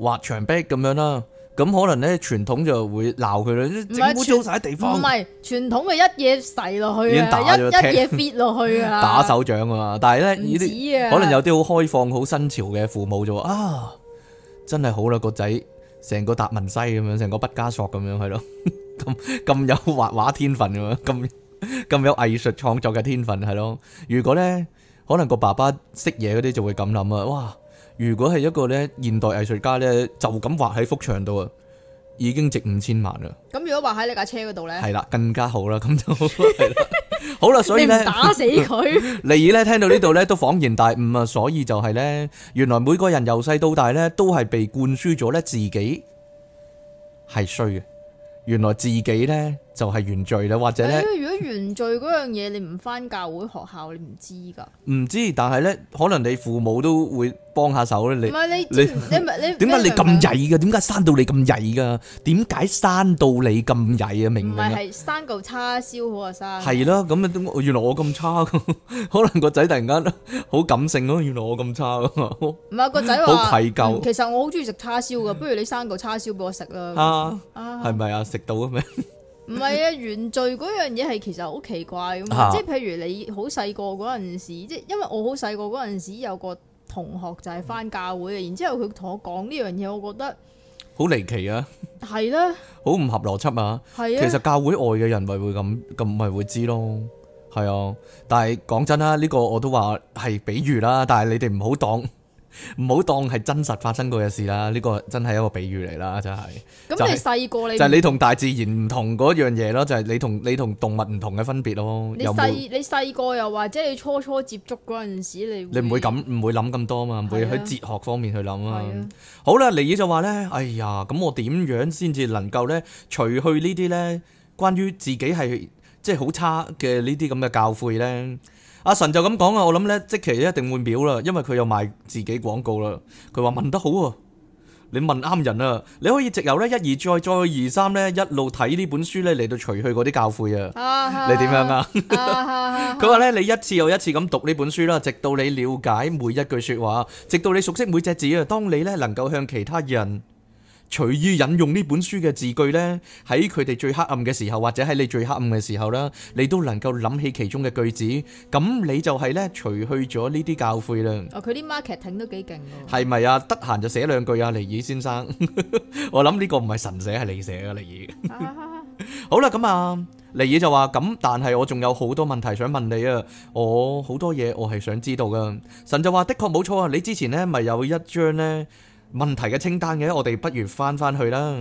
畫牆壁咁樣啦。咁可能咧，傳統就會鬧佢啦。政府租晒地方，唔係傳統嘅一嘢洗落去，一嘢 fit 落去啊， 打手掌啊嘛。但係咧，呢啲可能有啲好開放、好新潮嘅父母就話啊，真係好啦，個仔成個達文西咁樣，成個畢加索咁樣，係 咯，咁咁有畫畫天分咁樣，咁咁有藝術創作嘅天分，係咯。如果咧，可能個爸爸識嘢嗰啲就會咁諗啊，哇！如果係一個咧現代藝術家咧，就咁畫喺幅牆度啊，已經值五千萬啦。咁如果畫喺你架車嗰度咧？係啦，更加好啦。咁就好啦， 所以咧，打死佢。你咧聽到呢度咧都恍然大悟啊，所以就係、是、咧，原來每個人由細到大咧都係被灌輸咗咧自己係衰嘅，原來自己咧就係原罪啦，或者咧。 原罪嗰樣嘢，你唔翻教會學校，你唔知噶。唔知，但係咧，可能你父母都會幫下手咧。你唔係你你你點解你咁曳噶？點解生到你咁曳噶？點解生到你咁曳啊？明唔明啊？係生嚿叉燒好啊？生係咯，咁啊？點？原來我咁差，可能個仔突然間好感性咯。原來我咁差，唔係個仔好愧疚。其實我好中意食叉燒噶，不如你生嚿叉燒俾我食啦。啊，係咪啊？食到啊？咩？唔係 啊，原罪嗰樣嘢係其實好奇怪咁啊，即係譬如你好細個嗰陣時，即係因為我好細個嗰陣時有個同學就係返教會嘅，然之後佢同我講呢樣嘢，我覺得好離奇啊，係啦 呢，好唔合邏輯啊，係啊呢，其實教會外嘅人咪會咁咁咪會知咯，係啊，但係講真啦，呢個我都話係比喻啦，但係你哋唔好當。唔好當係真實發生過嘅事啦，呢個真係一個比喻嚟啦，就係。咁你細個，你就係你同大自然唔同嗰樣嘢咯，就係你同你同動物唔同嘅分別咯。你細你細個又或者你初初接觸嗰陣時你，你你唔會咁唔會諗咁多啊嘛，唔會喺哲學方面去諗啊。啊好啦，尼爾就話咧，哎呀，咁我點樣先至能夠咧，除去呢啲咧，關於自己係即係好差嘅呢啲咁嘅教誨咧。阿神就咁講啊，我諗呢即期一定換表啦，因為佢又賣自己廣告啦。佢話問得好啊，你問啱人啊，你可以直由呢一而再再而三呢一路睇呢本書呢嚟到除去嗰啲教誨啊，你點樣啊？佢話呢，啊啊、 你一次又一次咁讀呢本書啦，直到你了解每一句説話，直到你熟悉每隻字啊，當你呢能夠向其他人，隨意引用呢本書嘅字句呢，喺佢哋最黑暗嘅時候，或者喺你最黑暗嘅時候呢，你都能夠諗起其中嘅句子，咁你就係呢，除去咗呢啲教誨啦。哦，佢啲 marketing 挺都幾勁喎。係咪啊？得閒就寫兩句啊，尼爾先生。 我諗呢個唔係神寫，係你寫噶，尼爾。 好啦，咁啊，尼爾就話咁，但係我仲有好多問題想問你啊，我好多嘢我係想知道噶。神就話的確冇錯啊，你之前呢咪有一章呢。」問題嘅清單嘅，我哋不如翻翻去啦。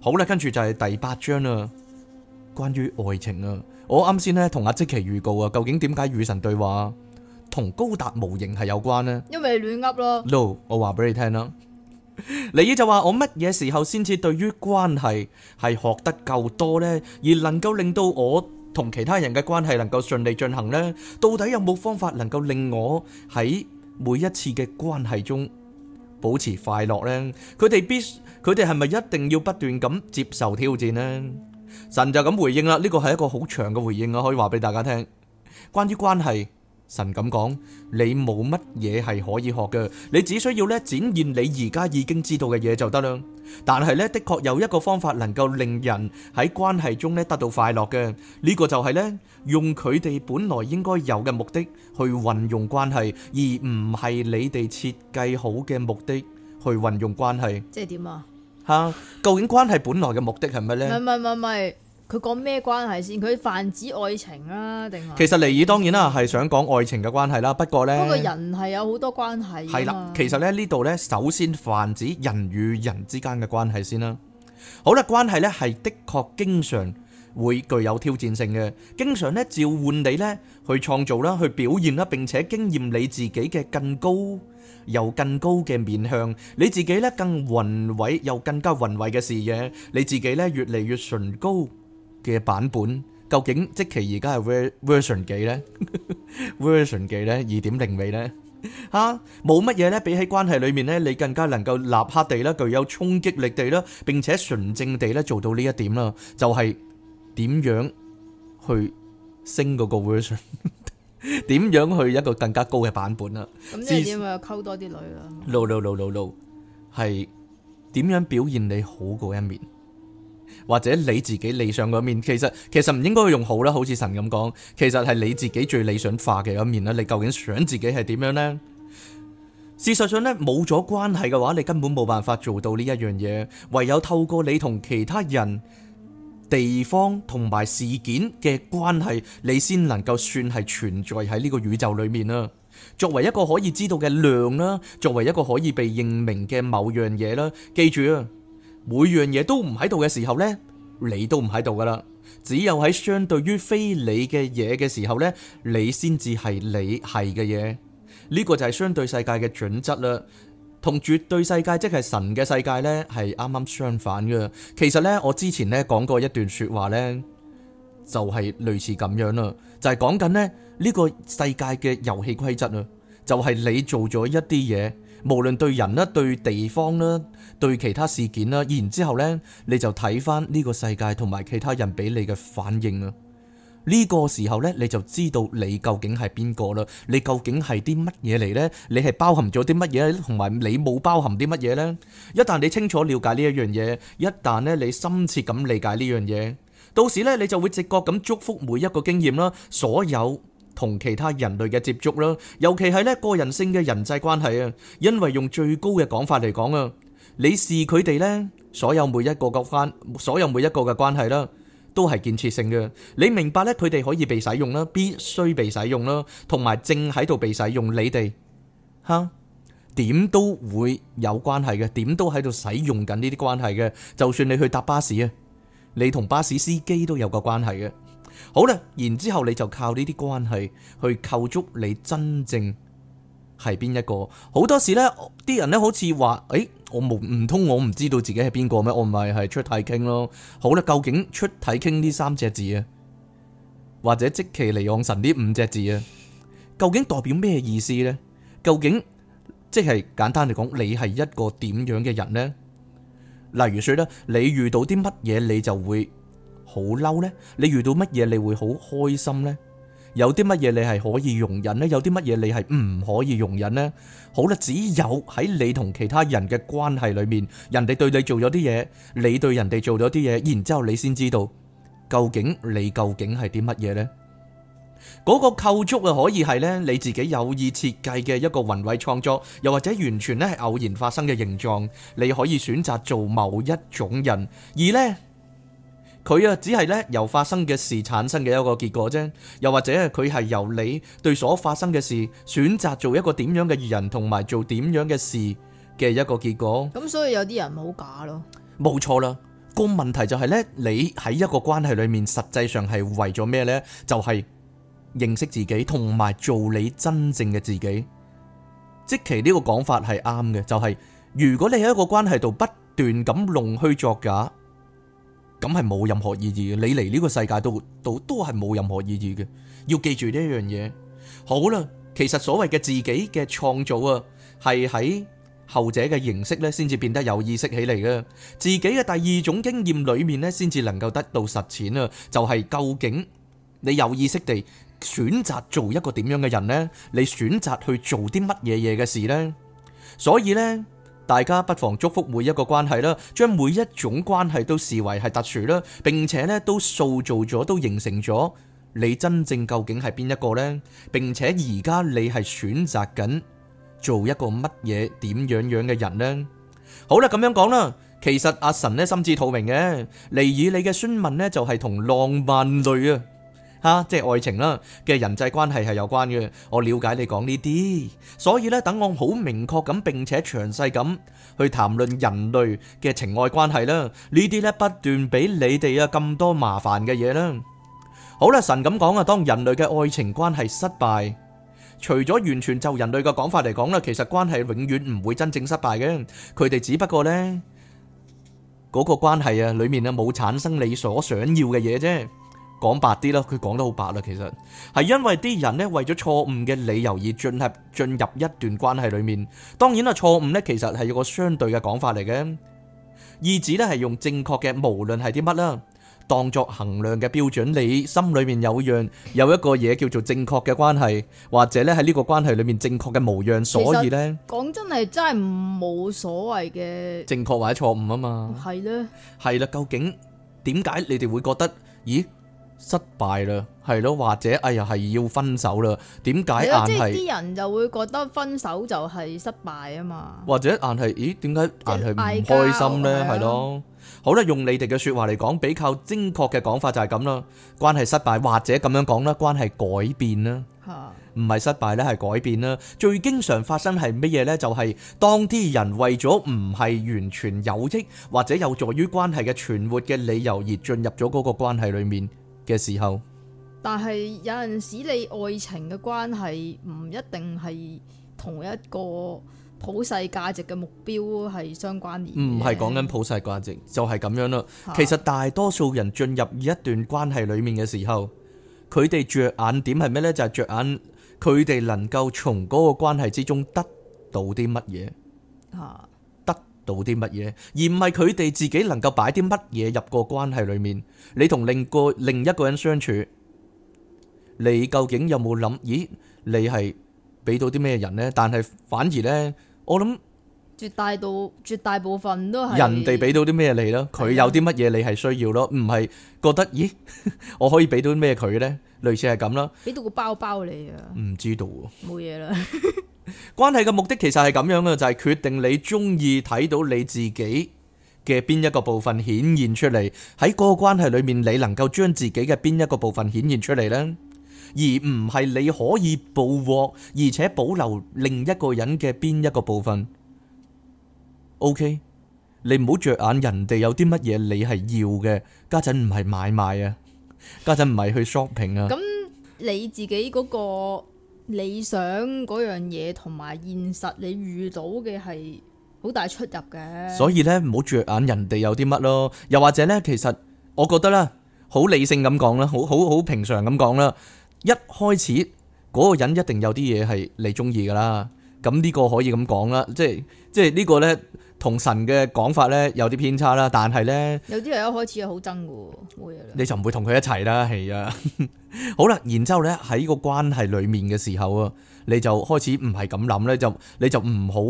好啦，跟住就係第八章啦，關於愛情啊。我啱先呢同阿積奇預告啊，究竟點解與神對話同高達模型係有關呢？因為亂噏咯。No，我話俾你聽啦，你呢就話我乜嘢時候先至對於關係係學得夠多呢？而能夠令到我同其他人嘅關係能夠順利進行呢？到底有冇方法能夠令我喺每一次嘅關係中，保持快樂呢，佢哋必佢哋係咪一定要不斷咁接受挑戰呢？神就咁回應啦，呢個係一個好長嘅回應啊，可以話俾大家聽，關於關係。神咁講：你冇乜嘢係可以學嘅，你只需要咧展現你而家已經知道嘅嘢就得啦。但係咧的確有一個方法能夠令人喺關係中咧得到快樂嘅，呢個就係咧用佢哋本來應該有嘅目的去運用關係，而唔係你哋設計好嘅目的去運用關係。即係點啊？吓，究竟關係本來嘅目的係乜咧？唔係唔係唔係唔係。佢講咩關係先？佢泛指愛情啊，定係其實尼爾當然啦，係想講愛情嘅關係啦。不過咧，不過人係有好多關係㗎嘛。係啦，其實咧呢度咧，首先泛指人與人之間嘅關係先啦。好啦，關係咧係的確經常會具有挑戰性嘅，經常咧召喚你咧去創造啦，去表現啦，並且經驗你自己嘅更高又更高嘅面向，你自己咧更宏偉又更加宏偉嘅視野，你自己咧越嚟越崇高嘅版本究竟即其而家係 version 幾咧？version 幾咧？二點零尾咧？嚇，冇乜嘢咧？比起關係裏面咧，你更加能夠立刻地啦，具有衝擊力地啦，並且純正地咧做到呢一點啦。就係點樣去升嗰個 version？點樣去一個更加高嘅版本啦？咁即係點啊？溝多啲女啦？No no no no no，係點樣表現你好嗰一面？或者你自己理想嗰面，其實，其實唔應該用好啦，好似神咁講，其實，係你自己最理想化嘅一面啦。你究竟想自己係點樣咧？事實上咧，冇咗關係嘅話，你根本冇辦法做到呢一樣嘢。唯有透過你同其他人、地方同埋事件嘅關係，你先能夠算係存在喺呢個宇宙裏面啦。作為一個可以知道嘅量啦，作為一個可以被認明嘅某樣嘢啦，記住啊！每樣嘢都唔喺度嘅時候呢，你都唔喺度噶啦。只有喺相對於非你嘅嘢嘅時候呢，你先至係你係嘅嘢。呢個就係相對世界嘅準則啦，同絕對世界，即係神嘅世界呢，係啱啱相反噶。其實呢，我之前呢講過一段說話呢，就係類似咁樣啦，就係講緊呢，呢個世界嘅遊戲規則啊，就係你做咗一啲嘢。無論對人啦、對地方啦、對其他事件啦，然之後咧，你就睇翻呢個世界同埋其他人俾你嘅反應啦。呢個時候咧，你就知道你究竟係邊個啦。你究竟係啲乜嘢嚟咧？你係包含咗啲乜嘢，同埋你冇包含啲乜嘢咧？一旦你清楚了解呢一樣嘢，一旦咧你深切咁理解呢樣嘢，到時咧你就會直覺咁祝福每一個經驗啦，所有同其他人類嘅接觸啦，尤其係呢個人性嘅人際關係啊，因為用最高嘅講法嚟講啊，你視佢哋呢所有每一個嘅關，所有每一個嘅關係啦，都係建設性嘅。你明白呢，佢哋可以被使用啦，必須被使用啦，同埋正喺度被使用。你哋哈點都會有關係嘅，點都喺度使用緊呢啲關係嘅。就算你去搭巴士啊，你同巴士司機都有個關係嘅。好啦，然之後你就靠呢啲關係去構築你真正係邊一個。好多時呢啲人咧好似話：誒，我唔唔通我唔知道自己係邊個咩？我咪係出太傾咯。好啦，究竟出太傾呢三隻字啊，或者即其離岸神呢五隻字啊，究竟代表咩意思呢？究竟即係簡單嚟講，你係一個點樣嘅人呢？例如說咧，你遇到啲乜嘢，你就會。好嬲呢！你遇到乜嘢你會好開心呢？有啲乜嘢你係可以容忍呢？有啲乜嘢你係唔可以容忍呢？好啦，只有喺你同其他人嘅關係裏面，人哋對你做咗啲嘢，你對人哋做咗啲嘢，然之後你先知道究竟你究竟係啲乜嘢呢？嗰個構築啊，可以係呢你自己有意設計嘅一個宏偉創作，又或者完全呢係偶然發生嘅形狀，你可以選擇做某一種人，而呢。佢啊，只係咧由發生嘅事產生嘅一個結果啫，又或者佢係由你對所發生嘅事選擇做一個點樣嘅人，同埋做點樣嘅事嘅一個結果。咁所以有啲人好假咯，冇錯啦。個問題就係呢：你喺一個關係裏面，實際上係為咗咩呢？就係、是、認識自己，同埋做你真正嘅自己。即其呢個講法係啱嘅，就係、是、如果你喺一個關係度不斷咁弄虛作假。咁係冇任何意義嘅，你嚟呢個世界度度都係冇任何意義嘅。要記住呢一樣嘢。好啦，其實所謂嘅自己嘅創造啊，係喺後者嘅形式咧，先至變得有意識起嚟嘅。自己嘅第二種經驗裏面咧，先至能夠得到實踐啊，就係究竟你有意識地選擇做一個點樣嘅人咧，你選擇去做啲乜嘢嘢嘅事咧，所以咧。大家不妨祝福每一個關係啦，將每一種關係都視為係特殊啦。並且咧都塑造咗，都形成咗你真正究竟係邊一個咧？並且而家你係選擇緊做一個乜嘢點樣樣嘅人咧？好啦，咁樣講啦，其實阿神咧心知肚明嘅，尼爾你嘅詢問咧就係同浪漫類啊。吓，即係愛情啦，嘅人際關係係有關嘅。我了解你講呢啲，所以咧等我好明確咁並且詳細咁去談論人類嘅情愛關係啦。呢啲咧不斷俾你哋啊咁多麻煩嘅嘢啦。好啦，神咁講啊，當人類嘅愛情關係失敗，除咗完全就人類嘅講法嚟講啦，其實關係永遠唔會真正失敗嘅。佢哋只不過咧嗰個關係啊裏面啊冇產生你所想要嘅嘢啫。講白啲啦，佢講得好白啦，其實係因為啲人呢，為咗錯誤嘅理由而進入進入一段關係裏面。當然啦，錯誤呢其實係有個相對嘅講法嚟嘅，意指呢係用正確嘅無論係啲乜啦，當作衡量嘅標準。你心裏面有樣有一個嘢叫做正確嘅關係，或者呢喺呢個關係裏面正確嘅模樣，實所以呢，講真係真係冇所謂嘅正確或者錯誤啊嘛。係啦的，係啦，究竟點解你哋會覺得咦？失敗啦，係咯，或者哎呀，係要分手啦？點解啊？即係啲人就會覺得分手就係失敗啊嘛？或者，硬係，咦，點解硬係唔開心呢？係咯的，的好啦，用你哋嘅說話嚟講，比較精確嘅講法就係咁啦。關係失敗，或者咁樣講啦，關係改變啦，唔係的失敗咧，係改變啦。最經常發生係乜嘢呢？就係、是、當啲人為咗唔係完全有益或者有助於關係嘅存活嘅理由而進入咗嗰個關係裏面。嘅時候，但係有陣時你愛情嘅關係唔一定係同一個普世價值嘅目標係相關聯，唔係講緊普世價值就係、是、咁樣啦。的其實大多數人進入一段關係裏面嘅時候，佢哋着眼點係咩呢？就係、是、着眼佢哋能夠從嗰個關係之中得到啲乜嘢啊。到啲乜嘢，而唔係佢哋自己能夠擺啲乜嘢入個關係裏面。你同另個另一個人相處，你究竟有冇諗？咦，你係俾到啲咩人呢？但係反而呢，我諗。絕大多數絕大部分都係人哋俾到啲咩你咯，佢有啲乜嘢你係需要咯，唔係覺得咦，我可以俾到啲咩佢呢？類似係咁咯，俾到個包包你啊，唔知道啊，冇嘢啦。關係嘅目的其實係咁樣嘅，就係決定你中意睇到你自己嘅邊一個部分顯現出嚟，喺嗰個關係裏面，你能夠將自己嘅邊一個部分顯現出嚟呢，而唔係你可以捕獲而且保留另一個人嘅邊一個部分。OK，你唔好着眼人哋有啲乜嘢，你係要嘅。家陣唔係買賣啊，家陣唔係去 shopping 啊。咁你自己嗰個理想嗰樣嘢，同埋現實你遇到嘅係好大出入嘅。所以咧，唔好着眼人哋有啲乜咯。又或者咧，其實我覺得咧，好理性咁講啦，好好好平常咁講啦。一開始嗰個人一定有啲嘢係你中意噶啦。咁呢個可以咁講啦，即係即係呢個咧。同神嘅講法呢有啲偏差啦，但係呢有啲人一開始係好憎㗎喎，你就唔會同佢一齊啦，係啊，好啦，然之後呢喺個關係裡面嘅時候啊，你就開始唔係咁諗呢，就你就唔好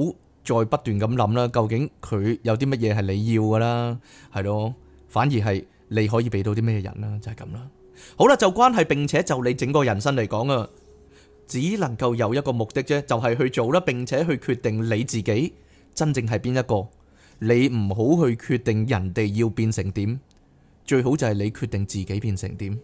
再不斷咁諗啦，究竟佢有啲乜嘢係你要嘅啦，係咯，反而係你可以俾到啲咩人啦，就係咁啦。好啦，就關係並且就你整個人生嚟講啊，只能夠有一個目的啫，就係去做啦，並且去決定你自己。真正係邊一個？你唔好去決定人哋要變成點，最好就係你決定自己變成點。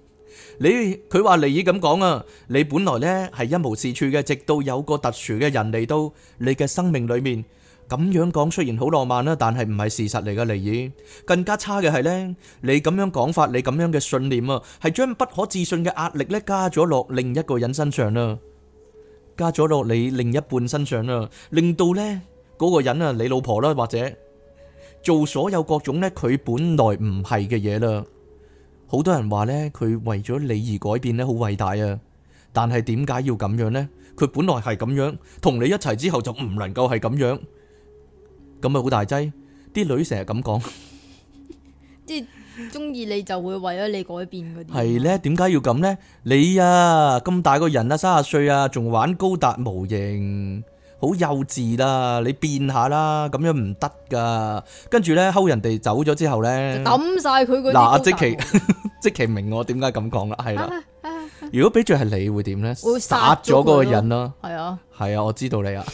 你佢話尼爾咁講啊，你本來咧，係一無是處嘅，直到有個特殊嘅人嚟到你嘅生命裏面，咁樣講，雖然好浪漫啦，但係唔係事實嚟㗎。尼爾更加差嘅係咧，你咁樣講法，你咁樣嘅信念啊，係將不可置信嘅壓力咧加咗落另一個人身上啦，加咗落你另一半身上啦，令到咧。嗰個人啊，你老婆啦，或者做所有各種咧，佢本來唔係嘅嘢啦。好多人話咧，佢為咗你而改變咧，好偉大啊！但係點解要咁樣咧？佢本來係咁樣，同你一齊之後就唔能夠係咁樣，咁咪好大劑。啲女成日咁講，即係中意你就會為咗你改變嗰啲。係咧，點解要咁咧？你啊，咁大個人啦，三十歲啊，仲玩高達模型？好幼稚啦、啊！你變下啦，咁樣唔得噶。跟住咧，後人哋走咗之後咧，抌晒佢嗰啲高達。嗱，即其 即其明我點解咁講啦？係啦、啊，啊啊、如果俾住係你會點呢？會殺咗嗰個人咯。係啊，係啊，啊，我知道你啊。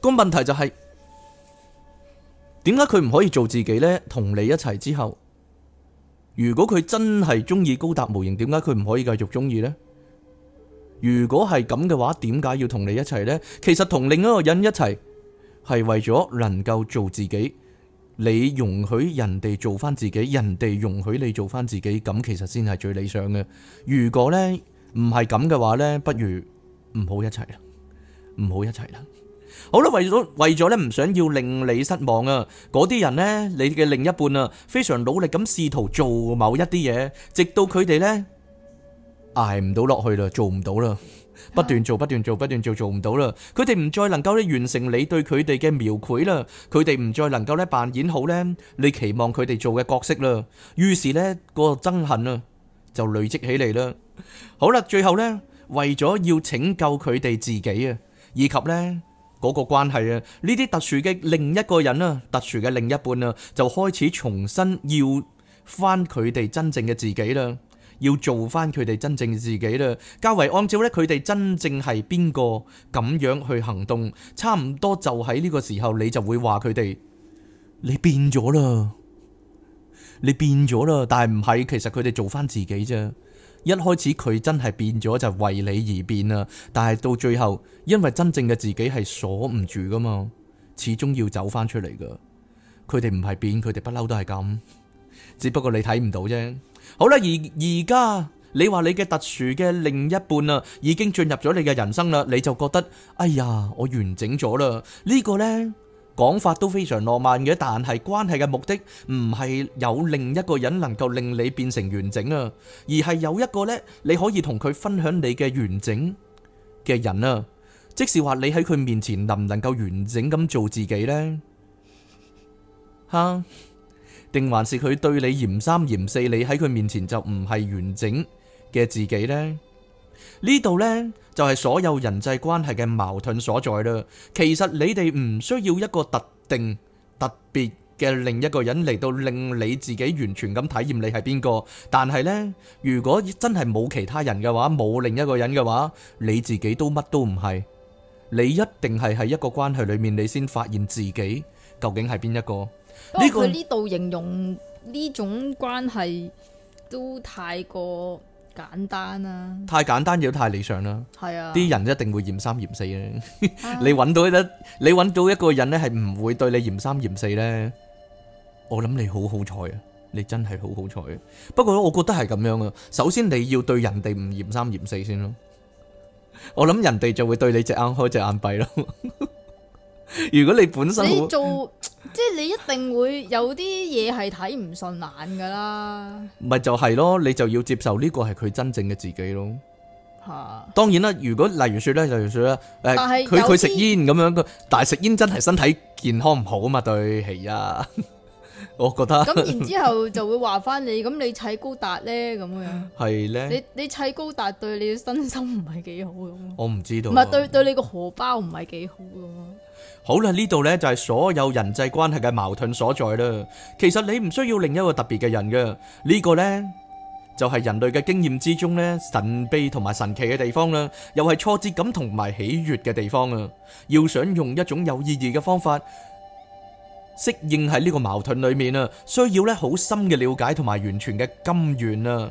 個 問題就係、是，點解佢唔可以做自己呢？同你一齊之後，如果佢真係中意高達模型，點解佢唔可以繼續中意呢？如果係咁嘅話，點解要同你一齊咧？其實同另外一個人一齊，係為咗能夠做自己。你容許人哋做翻自己，人哋容許你做翻自己，咁其實先係最理想嘅。如果咧唔係咁嘅話咧，不如唔好一齊啦，唔好一齊啦。好啦，為咗為咗咧，唔想要令你失望啊！嗰啲人咧，你嘅另一半啊，非常努力咁試圖做某一啲嘢，直到佢哋咧。捱唔到落去啦，做唔到啦，不斷做，不斷做，不斷做，做唔到啦。佢哋唔再能夠咧完成你對佢哋嘅描繪啦，佢哋唔再能夠咧扮演好呢你期望佢哋做嘅角色啦。於是呢，個憎恨啊就累積起嚟啦。好啦，最後呢，為咗要拯救佢哋自己啊，以及呢嗰個關係啊，呢啲特殊嘅另一個人啊，特殊嘅另一半啊，就開始重新要返佢哋真正嘅自己啦。要做翻佢哋真正自己啦，較為按照咧佢哋真正係邊個咁樣去行動，差唔多就喺呢個時候，你就會話佢哋，你變咗啦，你變咗啦，但係唔係，其實佢哋做翻自己啫。一開始佢真係變咗就係為你而變啦，但係到最後因為真正嘅自己係鎖唔住噶嘛，始終要走翻出嚟噶。佢哋唔係變，佢哋不嬲都係咁，只不過你睇唔到啫。好啦，而而家你話你嘅特殊嘅另一半啊，已經進入咗你嘅人生啦，你就覺得，哎呀，我完整咗啦。呢個呢講法都非常浪漫嘅，但係關係嘅目的唔係有另一個人能夠令你變成完整啊，而係有一個呢你可以同佢分享你嘅完整嘅人啊。即是話你喺佢面前能唔能夠完整咁做自己呢？吓？定還是佢對你嫌三嫌四，你喺佢面前就唔係完整嘅自己呢？呢度呢，就係所有人際關係嘅矛盾所在啦。其實你哋唔需要一個特定特別嘅另一個人嚟到令你自己完全咁體驗你係邊個。但係呢，如果真係冇其他人嘅話，冇另一個人嘅話，你自己都乜都唔係。你一定係喺一個關係裏面，你先發現自己究竟係邊一個。不過佢呢度形容呢種關係都太過簡單啦，太簡單亦都太理想啦。係啊，啲人一定會嫌三嫌四啊。你搵到一，你搵到一個人咧，係唔會對你嫌三嫌四咧。我諗你好好彩啊，你真係好好彩。不過我覺得係咁樣啊，首先你要對人哋唔嫌三嫌四先咯。我諗人哋就會對你隻眼開隻眼閉咯。 如果你本身你做即係你一定會有啲嘢係睇唔順眼噶啦，咪 就係咯，你就要接受呢個係佢真正嘅自己咯。吓、啊，當然啦，如果例如說咧，例如說咧，誒，佢佢食煙咁樣嘅，但係食煙真係身體健康唔好啊嘛？對，係啊， 我覺得咁然之後就會話翻你咁， 你砌高達咧咁樣係咧，你你砌高達對你嘅身心唔係幾好咁， 我唔知道，唔係對對你個荷包唔係幾好咁。好啦，呢度咧就係所有人際關係嘅矛盾所在啦。其實你唔需要另一個特別嘅人噶，呢個咧就係人類嘅經驗之中咧神秘同埋神奇嘅地方啦，又係挫折感同埋喜悅嘅地方啊。要想用一種有意義嘅方法適應喺呢個矛盾裏面啊，需要咧好深嘅了解同埋完全嘅甘願啊。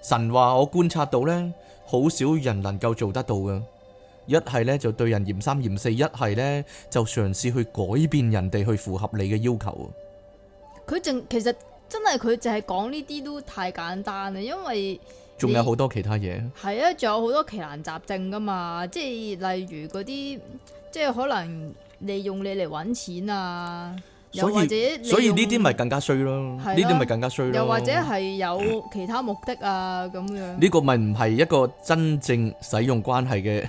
神話我觀察到咧，好少人能夠做得到噶。一係咧就對人嫌三嫌四，一係咧就嘗試去改變人哋去符合你嘅要求。佢淨其實真係佢淨係講呢啲都太簡單啦，因為仲有好多其他嘢，係啊，仲有好多奇難雜症噶嘛，即係例如嗰啲即係可能利用你嚟搵錢啊，以又或者所以呢啲咪更加衰咯，呢啲咪更加衰咯，又或者係有其他目的啊咁樣呢 個咪唔係一個真正使用關係嘅。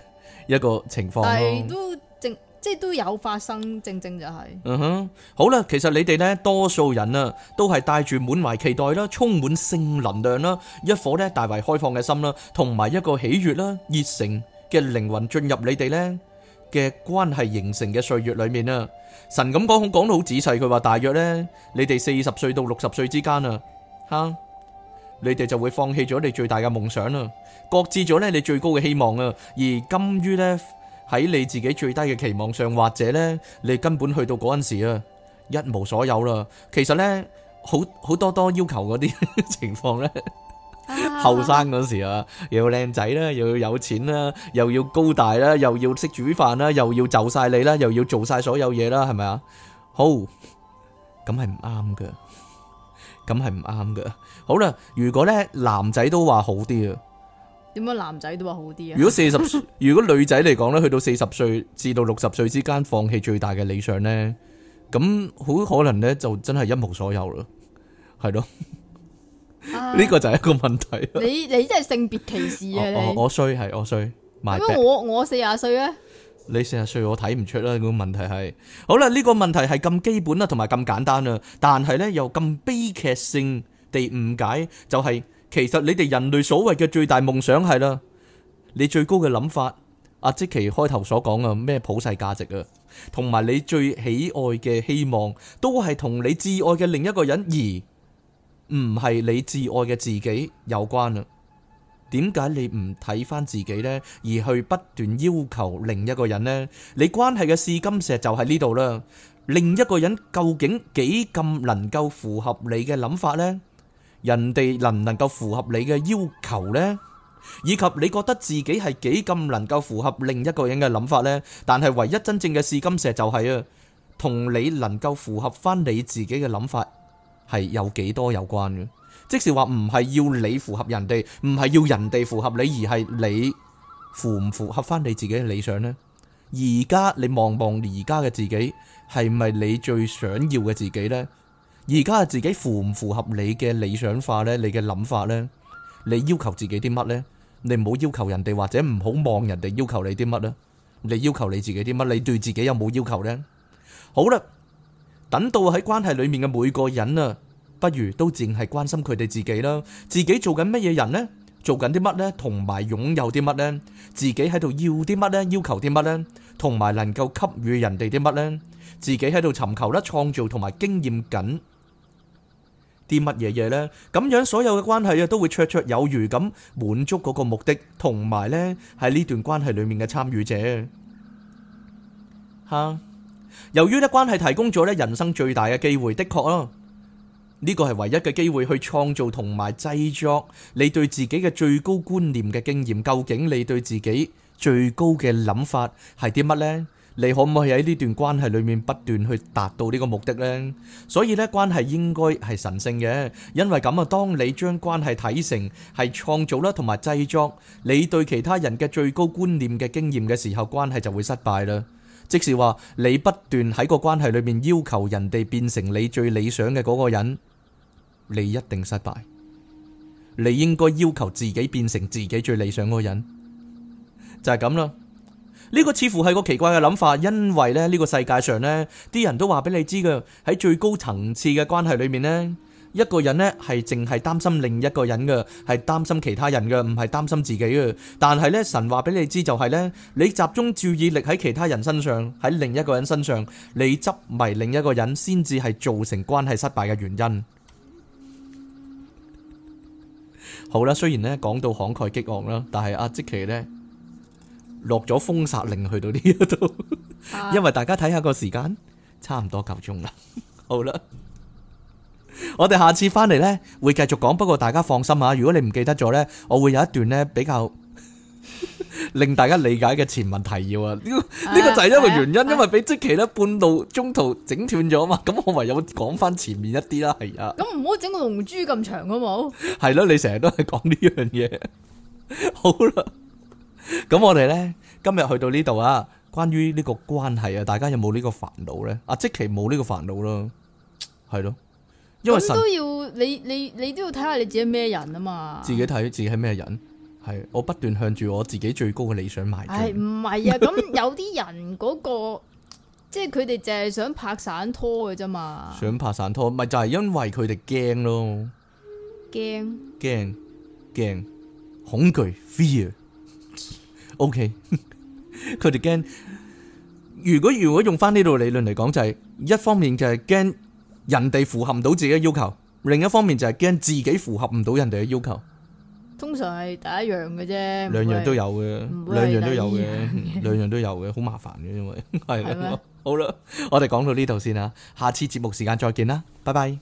一個情況咯，但係都正，即係都有發生，正正就係。嗯哼，好啦，其實你哋咧，多數人啊，都係帶住滿懷期待啦，充滿性能量啦，一顆咧大為開放嘅心啦，同埋一個喜悅啦、熱誠嘅靈魂進入你哋咧嘅關係形成嘅歲月裏面啊，神咁講好，講得好仔細，佢話大約咧，你哋四十歲到六十歲之間啊，吓。你哋就會放棄咗你最大嘅夢想啦，擱置咗咧你最高嘅希望啊，而甘於咧喺你自己最低嘅期望上，或者咧你根本去到嗰陣時啊，一無所有啦。其實咧，好好多多要求嗰啲情況咧，後生嗰時啊，又要靚仔啦，又要有錢啦，又要高大啦，又要識煮飯啦，又要就晒你啦，又要做晒所有嘢啦，係咪啊？好，咁係唔啱噶。咁係唔啱㗎。好啦，如果咧男仔都話好啲啊？點解男仔都話好啲啊？如果四十歲， 如果女仔嚟講咧，去到四十歲至到六十歲之間放棄最大嘅理想咧，咁好可能咧就真係一無所有咯，係咯？呢、啊、 個就係一個問題你。你你真係性別歧視啊！ 我我衰係我衰。咁我我四廿歲咧。你四十歲我睇唔出啦，個問題係，好啦，呢個問題係咁基本啦，同埋咁簡單啦，但係呢又咁悲劇性地誤解，就係其實你哋人類所謂嘅最大夢想係啦，你最高嘅諗法，阿即其開頭所講啊，咩普世價值啊，同埋你最喜愛嘅希望，都係同你摯愛嘅另一個人而唔係你摯愛嘅自己有關啦。點解你唔睇翻自己呢，而去不斷要求另一個人呢？你關係嘅試金石就喺呢度啦。另一個人究竟幾咁能夠符合你嘅諗法呢？人哋能唔能夠符合你嘅要求呢？以及你覺得自己係幾咁能夠符合另一個人嘅諗法呢？但係唯一真正嘅試金石就係啊，同你能夠符合翻你自己嘅諗法係有幾多有關嘅。即是話唔係要你符合人哋，唔係要人哋符合你，而係你符唔符合翻你自己嘅理想呢？而家你望望而家嘅自己，係咪你最想要嘅自己呢？而家嘅自己符唔符合你嘅理想化呢？你嘅諗法呢？你要求自己啲乜呢？你唔好要求人哋，或者唔好望人哋要求你啲乜呢？你要求你自己啲乜？你對自己有冇要求呢？好啦，等到喺關係裏面嘅每個人啊。不如都淨係關心佢哋自己啦，自己做緊乜嘢人咧？做緊啲乜咧？同埋擁有啲乜咧？自己喺度要啲乜咧？要求啲乜咧？同埋能夠給予人哋啲乜咧？自己喺度尋求啦，創造同埋經驗緊啲乜嘢嘢咧？咁樣所有嘅關係啊，都會綽綽有餘咁滿足嗰個目的，同埋咧喺呢段關係裏面嘅參與者吓。由於咧關係提供咗咧人生最大嘅機會，的確啊。呢個係唯一嘅機會去創造同埋製作你對自己嘅最高觀念嘅經驗。究竟你對自己最高嘅諗法係啲乜呢？你可唔可以喺呢段關係裏面不斷去達到呢個目的呢？所以咧，關係應該係神聖嘅，因為咁啊，當你將關係睇成係創造啦同埋製作你對其他人嘅最高觀念嘅經驗嘅時候，關係就會失敗啦。即是話你不斷喺個關係裏面要求人哋變成你最理想嘅嗰個人。你一定失敗，你應該要求自己變成自己最理想個人，就係咁啦。呢個似乎係個奇怪嘅諗法，因為咧呢個世界上呢啲人都話俾你知嘅，喺最高層次嘅關係裏面呢，一個人呢係淨係擔心另一個人嘅，係擔心其他人嘅，唔係擔心自己嘅。但係呢神話俾你知就係呢：你集中注意力喺其他人身上，喺另一個人身上，你執迷另一個人先至係造成關係失敗嘅原因。好啦，雖然咧講到慷慨激昂啦，但係阿積奇呢，落咗封殺令去到呢一度，啊、因為大家睇下個時間，差唔多夠鐘啦。好啦，我哋下次翻嚟呢，會繼續講，不過大家放心啊，如果你唔記得咗呢，我會有一段呢比較。令大家理解嘅前文提要啊，呢、這個呢、啊、個就係一個原因，啊啊、因為俾即奇咧半路中途整斷咗啊嘛，咁我唯有講翻前面一啲啦，係啊。咁唔好整個龍珠咁長好冇？係咯，你成日都係講呢樣嘢。好啦，咁我哋咧今日去到呢度啊，關於呢個關係啊，大家有冇呢個煩惱咧？阿即奇冇呢個煩惱咯，係咯，因為神都要你你你都要睇下你自己咩人啊嘛，自己睇自己係咩人。係我不斷向住我自己最高嘅理想邁進，哎。係唔係啊？咁有啲人嗰、那個， 即係佢哋淨係想拍散拖嘅啫嘛。想拍散拖，咪就係、是、因為佢哋驚咯。驚驚驚，恐懼 fear。OK，佢哋驚。如果如果用翻呢度理論嚟講，就係、是、一方面就係驚人哋符合唔到自己嘅要求，另一方面就係驚自己符合唔到人哋嘅要求。通常係第一樣嘅啫，兩樣都有嘅，兩樣都有嘅，兩樣都有嘅，好麻煩嘅，因為係咯。好啦，我哋講到呢度先嚇，下次節目時間再見啦，拜拜。